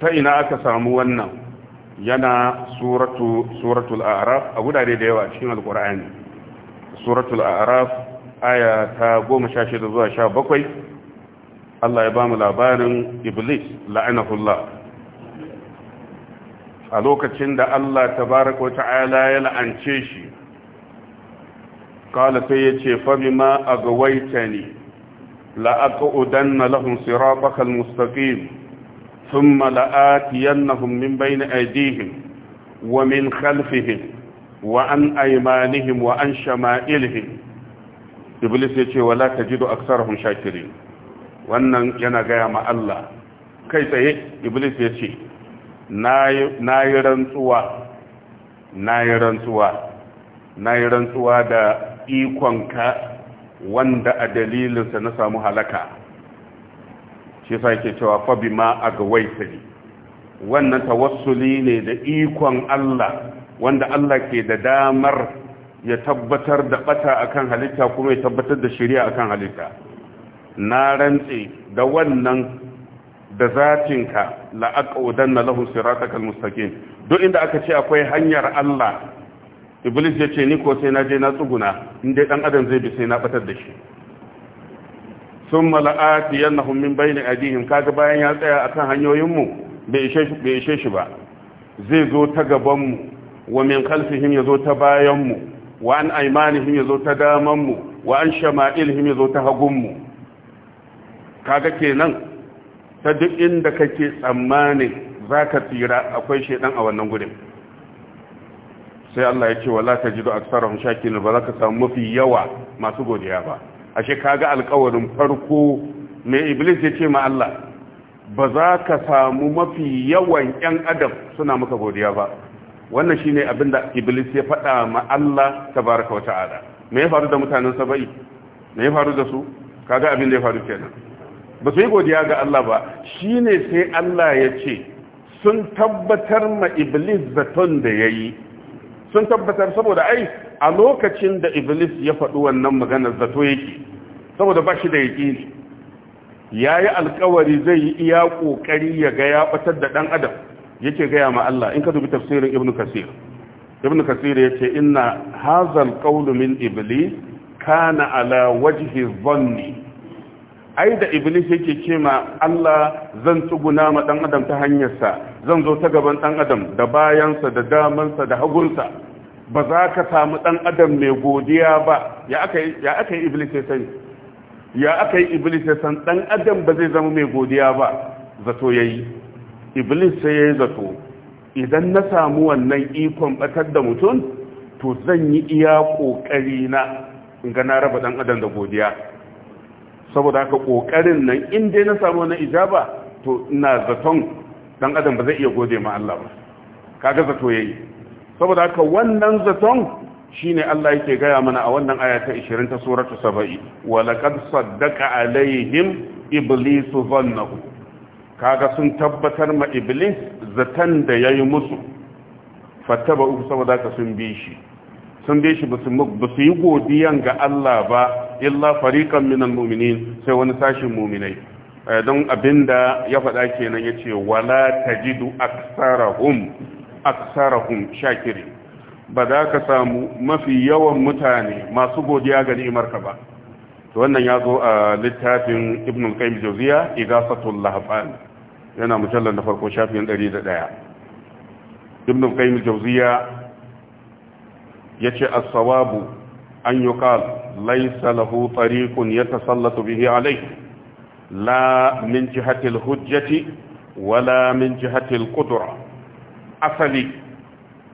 ta ina aka samu wannan yana suratul a'raf a gudade da yawa cikin alkur'ani suratul a'raf aya ta 16 zuwa bakwai. Allah ya bamu labarin iblis la'anahullah a lokacin da Allah tabaaraka wata'ala ya la'ance shi qala sai ce fa bima agwaytani la aqudanna lahum siratal mustaqim ثم لآتينهم من بين أيديهم ومن an وعن أيمانهم وعن شمائلهم iblis ya ce wala ta jido aksarahun shakirin wannan yana gaya ma Allah kai tsaye iblis ya ce rantsuwa na yi rantsuwa na yi rantsuwa da ikonka wanda a dalilinsa na samu halaka shi sa yake cewa fa bima agwaitani wannan tawassuli ne da ikon Allah wanda Allah ke da damar ya tabbatar da bata akan halitta kuma ya tabbatar da shari'a akan halitta na rantse da wannan da zatinka la na lahu siratakal mustaqim duk inda aka ce akwai hanyar Allah iblis ya ce ni ko sai na je na tsuguna inda dan adam zai bi sai na batar da shi sun mala'ati yannahum min bayni adihim kaga bayan ya tsaya akan hanyoyinmu bai ishe shi ba zai zo ta gabanmu wa min khalfihim zo ta bayanmu wa an aymanihim zo ta damanmu wa an shama'ilihim zo ta hagunmu kaga kenan ta duk inda kake tsammani zaka tsira akwai shaidan a wannan gurin sai Allah ya ce wala tajidu aktharahum shakirin ba za ka samu mafi yawa masu godiya ba ashe kaga alkawarin farko mai iblis ya ce ma Allah ba za ka samu mafi yawan yan adam suna maka godiya ba wannan shine abin da iblis ya faɗa ma Allah tabaraka wata ala me ya faru da mutanen saba'i me ya faru da su kaga abin da ya faru kenan ba su yi godiya ga Allah ba shine sai Allah ya ce sun tabbatar ma iblis zaton da yayi sun tabbatar saboda ai a lokacin da iblis ya faɗi wannan maganar zato yake saboda ba shi da ne ya yi alkawari zai yi iya ƙoƙari ya ga ya ɓatar da ɗan adam yake gaya ma Allah in ka dubi tafsirin ibn kasir ibn kasir ya ce ina hazal qawlu min iblis kana ala wajhi dhanni ai da iblis yake ce ma Allah zan tsuguna ma ɗan adam ta hanyarsa zan zo ta gaban ɗan adam da bayansa da damansa da hagunsa ba za ka samu ɗan adam mai godiya ba ya aka yi iblis ya sani ya aka yi iblis ya san ɗan adam ba zai zama mai godiya ba zato ya yi iblis sai ya yi zato idan na samu wannan ikon ɓatar da mutum to zan yi iya ƙoƙari na ga na raba ɗan adam da godiya saboda haka ƙoƙarin nan in dai na samu wannan ijaba to ina zaton ɗan adam ba zai iya gode ma Allah ba kaga zato ya yi saboda haka wannan zaton shine Allah yake gaya mana a wannan aya ta 20 ta suratu saba'i wa laqad saddaqa alaihim iblis zannahu kaga sun tabbatar ma iblis zatan da yayi musu fataba saboda haka sun bi shi sun bi shi basu yi godiyan ga Allah ba illa fariqan minal mu'minin sai wani sashin mu'minai eh, don abinda ya faɗa kenan yace wala tajidu aktsarahum aksarahum shakiri ba za ka samu mafi yawan mutane masu godiya ga ni'imar ka ba to wannan ya zo a littafin ibn al-qayyim jawziya igasatul yana mujallal na farko shafin 101 ibn al-qayyim jawziya yace as-sawabu an yuqal laysa lahu tariqun yatasallatu bihi alayhi la min jihati al-hujjati wala min jihati al-qudrah asali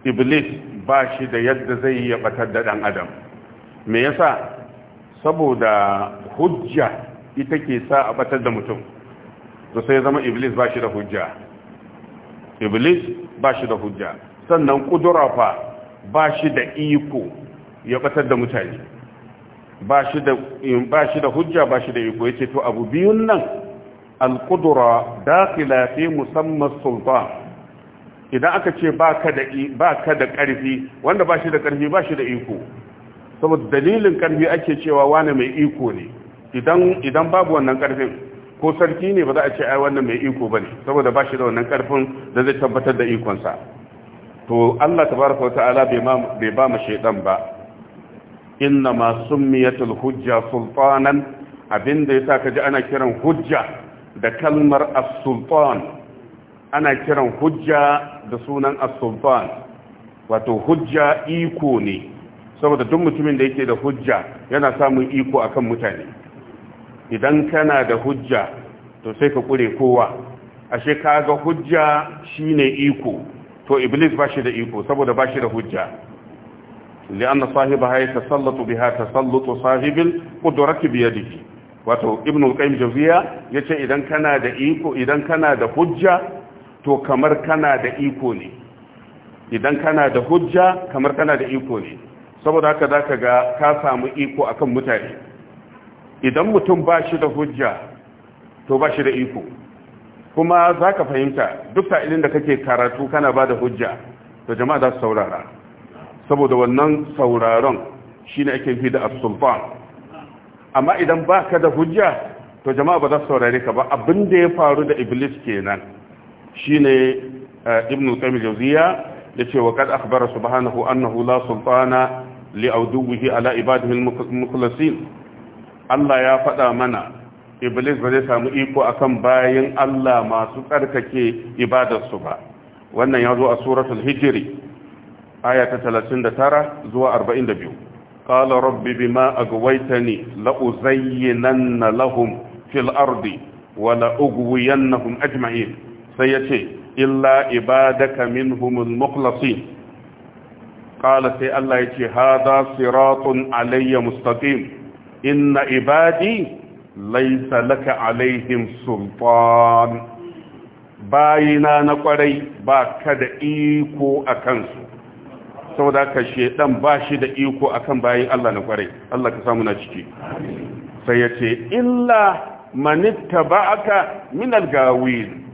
iblis ba shi da yadda zai yi batar da ɗan adam me yasa saboda hujja ita ke sa a batar da mutum to sai zama iblis ba shi da hujja iblis ba shi da hujja sannan kudura fa ba shi da iko ya batar da mutane ba shi da hujja ba shi da iko ya ce to abu biyun nan al-kudura dakila fi musamman sultan idan aka ce ba ka da ƙarfi wanda ba shi da ƙarfi ba shi da iko saboda dalilin ƙarfi ake cewa wane mai iko ne idan babu wannan ƙarfin ko sarki ne ba za a ce ai wannan mai iko ba ne saboda ba shi da wannan ƙarfin da zai tabbatar da ikonsa to allah tabaraka wa ta'ala bai ba mu shaidan ba inna ma summiyatul hujja sultanan abinda yasa kaji ana kiran hujja da kalmar as-sultan ana kiran hujja da sunan as-sultan wato hujja iko ne saboda duk mutumin da yake da hujja yana samun iko akan mutane idan kana da hujja to sai ka kure kowa ashe kaga hujja shine iko to iblis bashi da iko saboda bashi da hujja لأن صاحبها يتسلط بها تسلط صاحب القدرة بيده wato ibn al-qayyim jawziya yace idan kana da iko idan kana da hujja to kamar kana da iko ne idan kana da hujja kamar kana da iko ne saboda haka zaka ga ka samu iko akan mutane idan mutum ba shi da hujja to ba shi da iko kuma zaka fahimta duk sa'ilin da kake karatu kana ba da hujja to jama'a za su saurara saboda wannan sauraron shine ake fi da sultan amma idan ba da hujja to jama'a ba za su saurare ka ba abin da ya faru da iblis kenan shine eh, ibnu qayyim jawziya yace wa kad akhbara subhanahu annahu la sultana li awduhi ala ibadihi al-mukhlasin Allah ya faɗa mana iblis ba zai samu iko akan bayan Allah masu tsarkake ibadarsu ba wannan ya zo a suratul hijri aya ta 39 zuwa 42 qala rabbi bima agwaytani la uzayyinanna lahum fil ardi wa la ajma'in sai ya ce illa ibadaka minhumul mukhlasin qala sai Allah ya ce hada siratun alayya mustaqim inna ibadi laysa laka alaihim sultan bayina na kwarai ba ka da iko a kansu sau da ka shedan ba shi da iko a kan bayin Allah na kwarai Allah ka samu na ciki sai ya ce illa manittaba'aka min al-gawin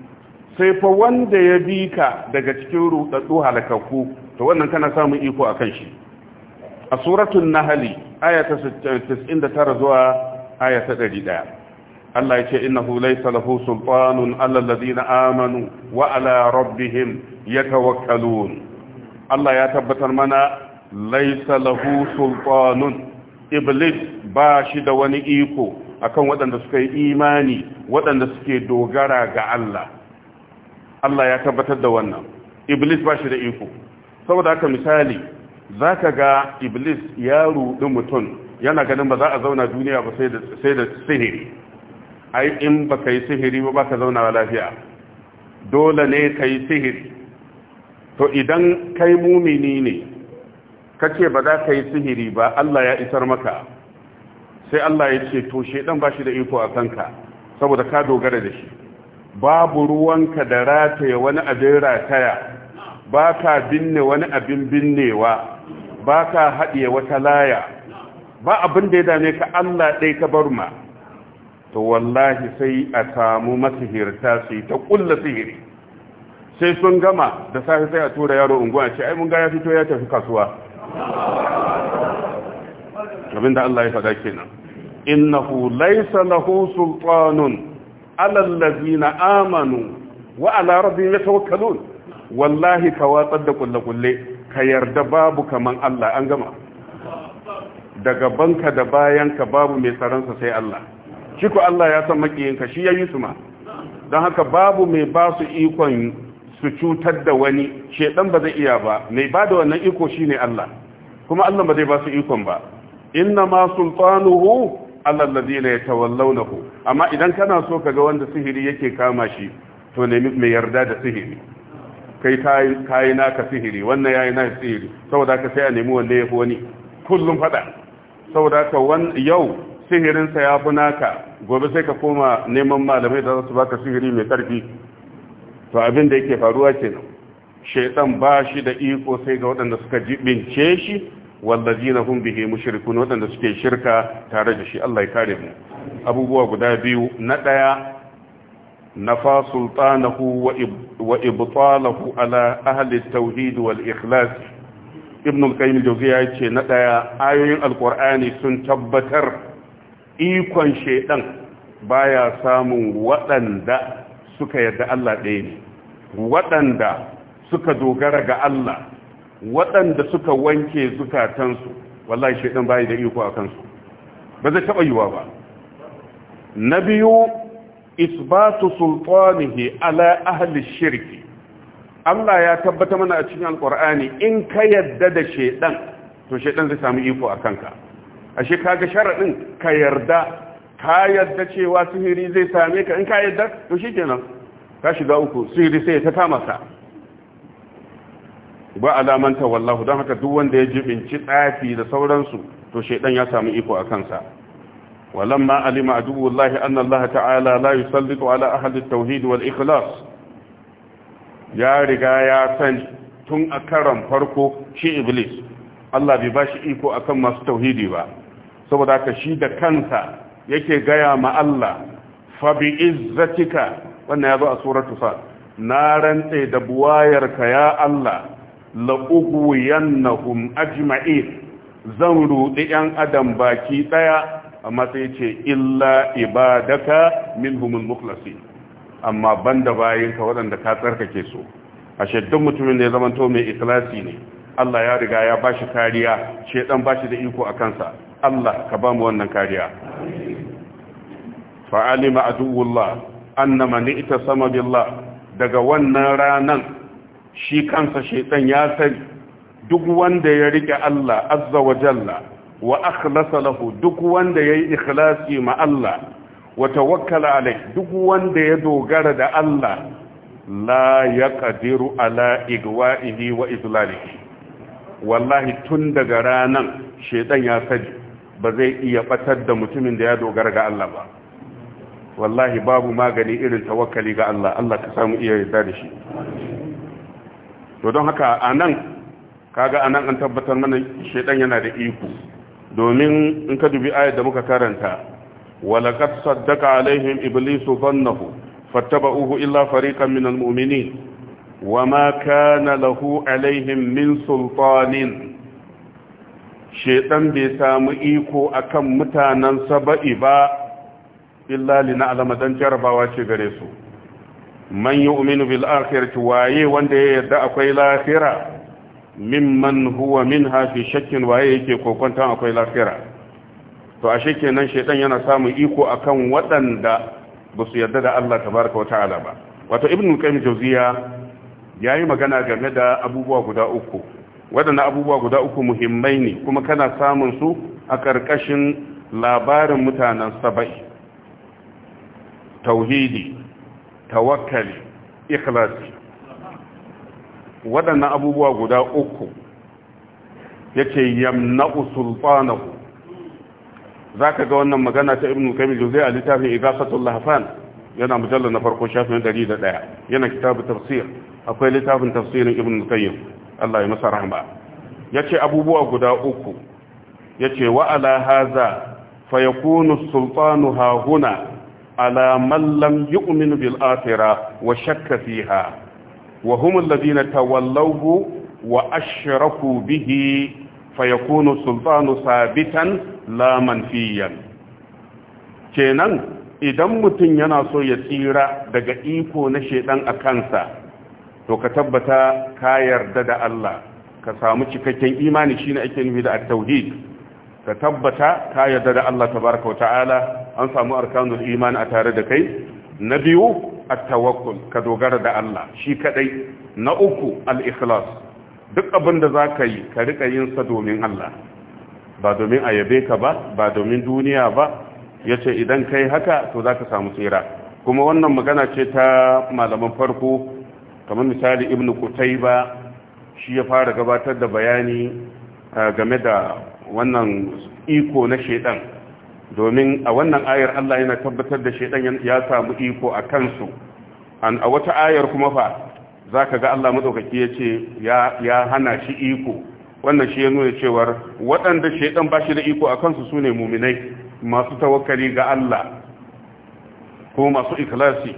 sai fa wanda ya bi ka daga cikin rudaddu halakakku to wannan kana samun iko akan shi a suratul nahli ayata 99 zuwa ayata 100 Allah ya innahu laysa lahu sultanun alal ladina amanu wa ala rabbihim yatawakkalun Allah ya tabbatar mana laysa lahu sultanun iblis ba shi da wani iko akan waɗanda suka yi imani waɗanda suke dogara ga Allah Allah ya tabbatar da wannan iblis ba shi da iko saboda haka misali za ka ga iblis ya ruɗi mutum yana ganin ba za a zauna duniya ba sai da sihiri ai in ba ka yi sihiri ba ba ka zauna lafiya dole ne ka yi sihiri to idan kai mumini ne ka ce ba za ka yi sihiri ba Allah ya isar maka sai Allah ya ce to shedan ba shi da iko a kanka saboda ka dogara da shi babu ruwanka da rataye wani abin rataya ba ka binne wani abin binnewa ba ka haɗiye wata laya ba abin da ya dame ka Allah ɗai ka bar ma to wallahi sai a samu masihirta su ta ƙulla sihiri sai sun gama da safe sai a tura yaro unguwa ce ai mun ga ya fito ya tafi kasuwa abinda Allah ya faɗa kenan innahu laysa lahu sultanun alallazina amanu wa ala rabbihim yatawakkalun wallahi ka watsar da kulle kule ka yarda babu kaman Allah an gama daga banka da bayanka babu mai tsaransa sai Allah shi Allah ya san makiyinka shi yayi su ma don haka babu mai ba su ikon su cutar da wani shedan ba zai iya ba mai ba da wannan iko shi ne Allah kuma Allah ba zai ba su ikon ba inna ma sultanuhu alal ladina yatawallawnahu amma idan kana so ka ga wanda sihiri yake kama shi to nemi mai yarda da sihiri kai kayi naka sihiri wannan yayi naka sihiri saboda ka sai a nemi wanda yafi wani kullum fada saboda ka yau sihirin sa yafi naka gobe sai ka koma neman malamai da za su baka sihiri mai karfi to abin da yake faruwa kenan shaitan ba shi da iko sai ga waɗanda suka jibince shi wallazina hum bihi mushrikun wadanda suke shirka tare da shi Allah ya kare mu abubuwa guda biyu na daya nafa sultanahu wa ibtalahu ala ahli at-tauhid wal ikhlas ibn al-qayyim al-jawziyya yace na daya ayoyin alqur'ani sun tabbatar ikon shedan baya samun waɗanda suka yarda Allah ɗaya ne waɗanda suka dogara ga Allah waɗanda suka wanke zukatansu wallahi shaidan bayi da iko a kansu ba zai taɓa yiwa ba na biyu isbatu sultanihi ala ahli shirki Allah ya tabbata mana a cikin alkur'ani in ka yarda da shaidan to shaidan zai samu iko a kanka ashe kaga sharaɗin ka yarda ka yarda cewa sihiri zai same ka in ka yarda to shikenan ka shiga uku sihiri sai ta kama ka ba alamanta wallahu don haka duk wanda ya jibinci tsafi da sauransu to shaidan ya samu iko a kansa ma alima aduwullahi anna Allah ta'ala la yusallitu ala ahalin tauhidi wal ikhlas ya riga ya san tun a karan farko shi iblis Allah bai bashi iko akan masu tauhidi ba saboda haka shi da kansa yake gaya ma Allah fa bi izzatika wannan zo a suratul sa na rantse da buwayarka ya Allah la'uguwiyannahum ajma'i zan rudi yan adam baki ɗaya, amma sai ce illa ibadaka minhumul muklasi amma banda bayinka waɗanda ka ke so. a shaddun mutumin da ya zamanto mai ikilasi ne Allah ya riga ya bashi kariya shedan bashi da iko a kansa Allah ka ba mu wannan kariya fa'alima aduwullah annama ni'tasama billah daga wannan ranan shi kansa shaitan ya sani duk wanda ya rike Allah azza wa jalla wa akhlasa lahu duk wanda yayi ikhlasi ma Allah wa tawakkala alai duk wanda ya dogara da Allah la yaqdiru ala igwa'ihi wa idlalihi wallahi tun daga ranan shaitan ya sani ba zai iya batar da mutumin da ya dogara ga Allah ba wallahi babu magani irin tawakkali ga Allah Allah ka samu iya yarda da shi to don haka a nan kaga a nan an tabbatar mana shaidan yana da iko domin in ka dubi ayat da muka karanta walaqad saddaqa alaihim iblisu dhannahu fattaba'uhu illa fariqan min almu'minin wama kana lahu alaihim min sultanin shaidan bai samu iko akan mutanen saba'i ba illa lina jarabawa ce gare su man uminu bil akhirati waye wanda ya yarda akwai lahira mimman huwa min hafi shakkin waye yake kokwanta akwai lafira to ashe kenan shaiɗan yana samun iko akan waɗanda ba su yarda da Allah tabaraka wa ta'ala ba wato ibn qayyim jawziya yayi magana game da abubuwa guda uku waɗannan abubuwa guda uku muhimmai ne kuma kana samun su a ƙarƙashin labarin mutanen saba'i tauhidi tawakali ikhlasi waɗannan abubuwa guda uku yake yamna'u za ka ga wannan magana ta ibnu kamil juzai a littafin igafatul lahfan yana mujalla na farko shafin 101 yana kitabu tafsir akwai littafin tafsirin ibnu qayyim Allah ya masa rahma yace abubuwa guda uku yace wa ala hadha fayakunu sultanu ha huna ala man lam yu'min bil wa shakka fiha wa hum alladhina wa ashraku bihi fayakunu sultanu sabitan la kenan idan mutum yana so ya tsira daga iko na shedan a kansa to ka tabbata ka yarda da Allah ka samu cikakken imani shine ake nufi da at-tauhid ka tabbata ka yarda da Allah tabaraka wa ta'ala an samu arkanul iman a tare da kai na biyu at-tawakkul ka dogara da Allah shi kadai na uku al-ikhlas duk abin da zaka yi ka rika yin sa domin Allah ba domin ayabe ka ba ba domin duniya ba yace idan kai haka to zaka samu tsira kuma wannan magana ce ta malaman farko kamar misali ibnu qutayba shi ya fara gabatar da bayani eh, game da wannan iko na shedan domin a wannan ayar Allah yana tabbatar da shedan ya samu iko a kansu an a wata ayar kuma fa zaka ga Allah madaukaki yace ya ya hana shi iko wannan shi ya nuna cewar waɗanda shedan ba shi da iko a kansu sune muminai masu tawakkali ga Allah ko masu ikhlasi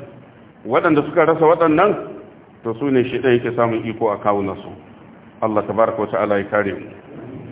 waɗanda suka rasa waɗannan to su ne yake samun iko a kawunansu Allah tabaraka wa ta'ala ya kare mu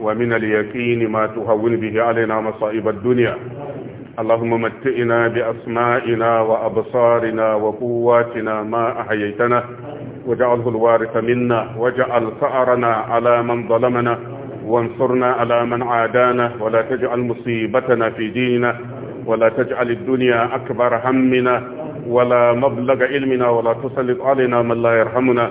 ومن اليقين ما تهون به علينا مصائب الدنيا اللهم متئنا بأسمائنا وأبصارنا وقواتنا ما أحييتنا وجعله الوارث منا وجعل ثأرنا على من ظلمنا وانصرنا على من عادانا ولا تجعل مصيبتنا في ديننا ولا تجعل الدنيا أكبر همنا ولا مبلغ علمنا ولا تسلط علينا من لا يرحمنا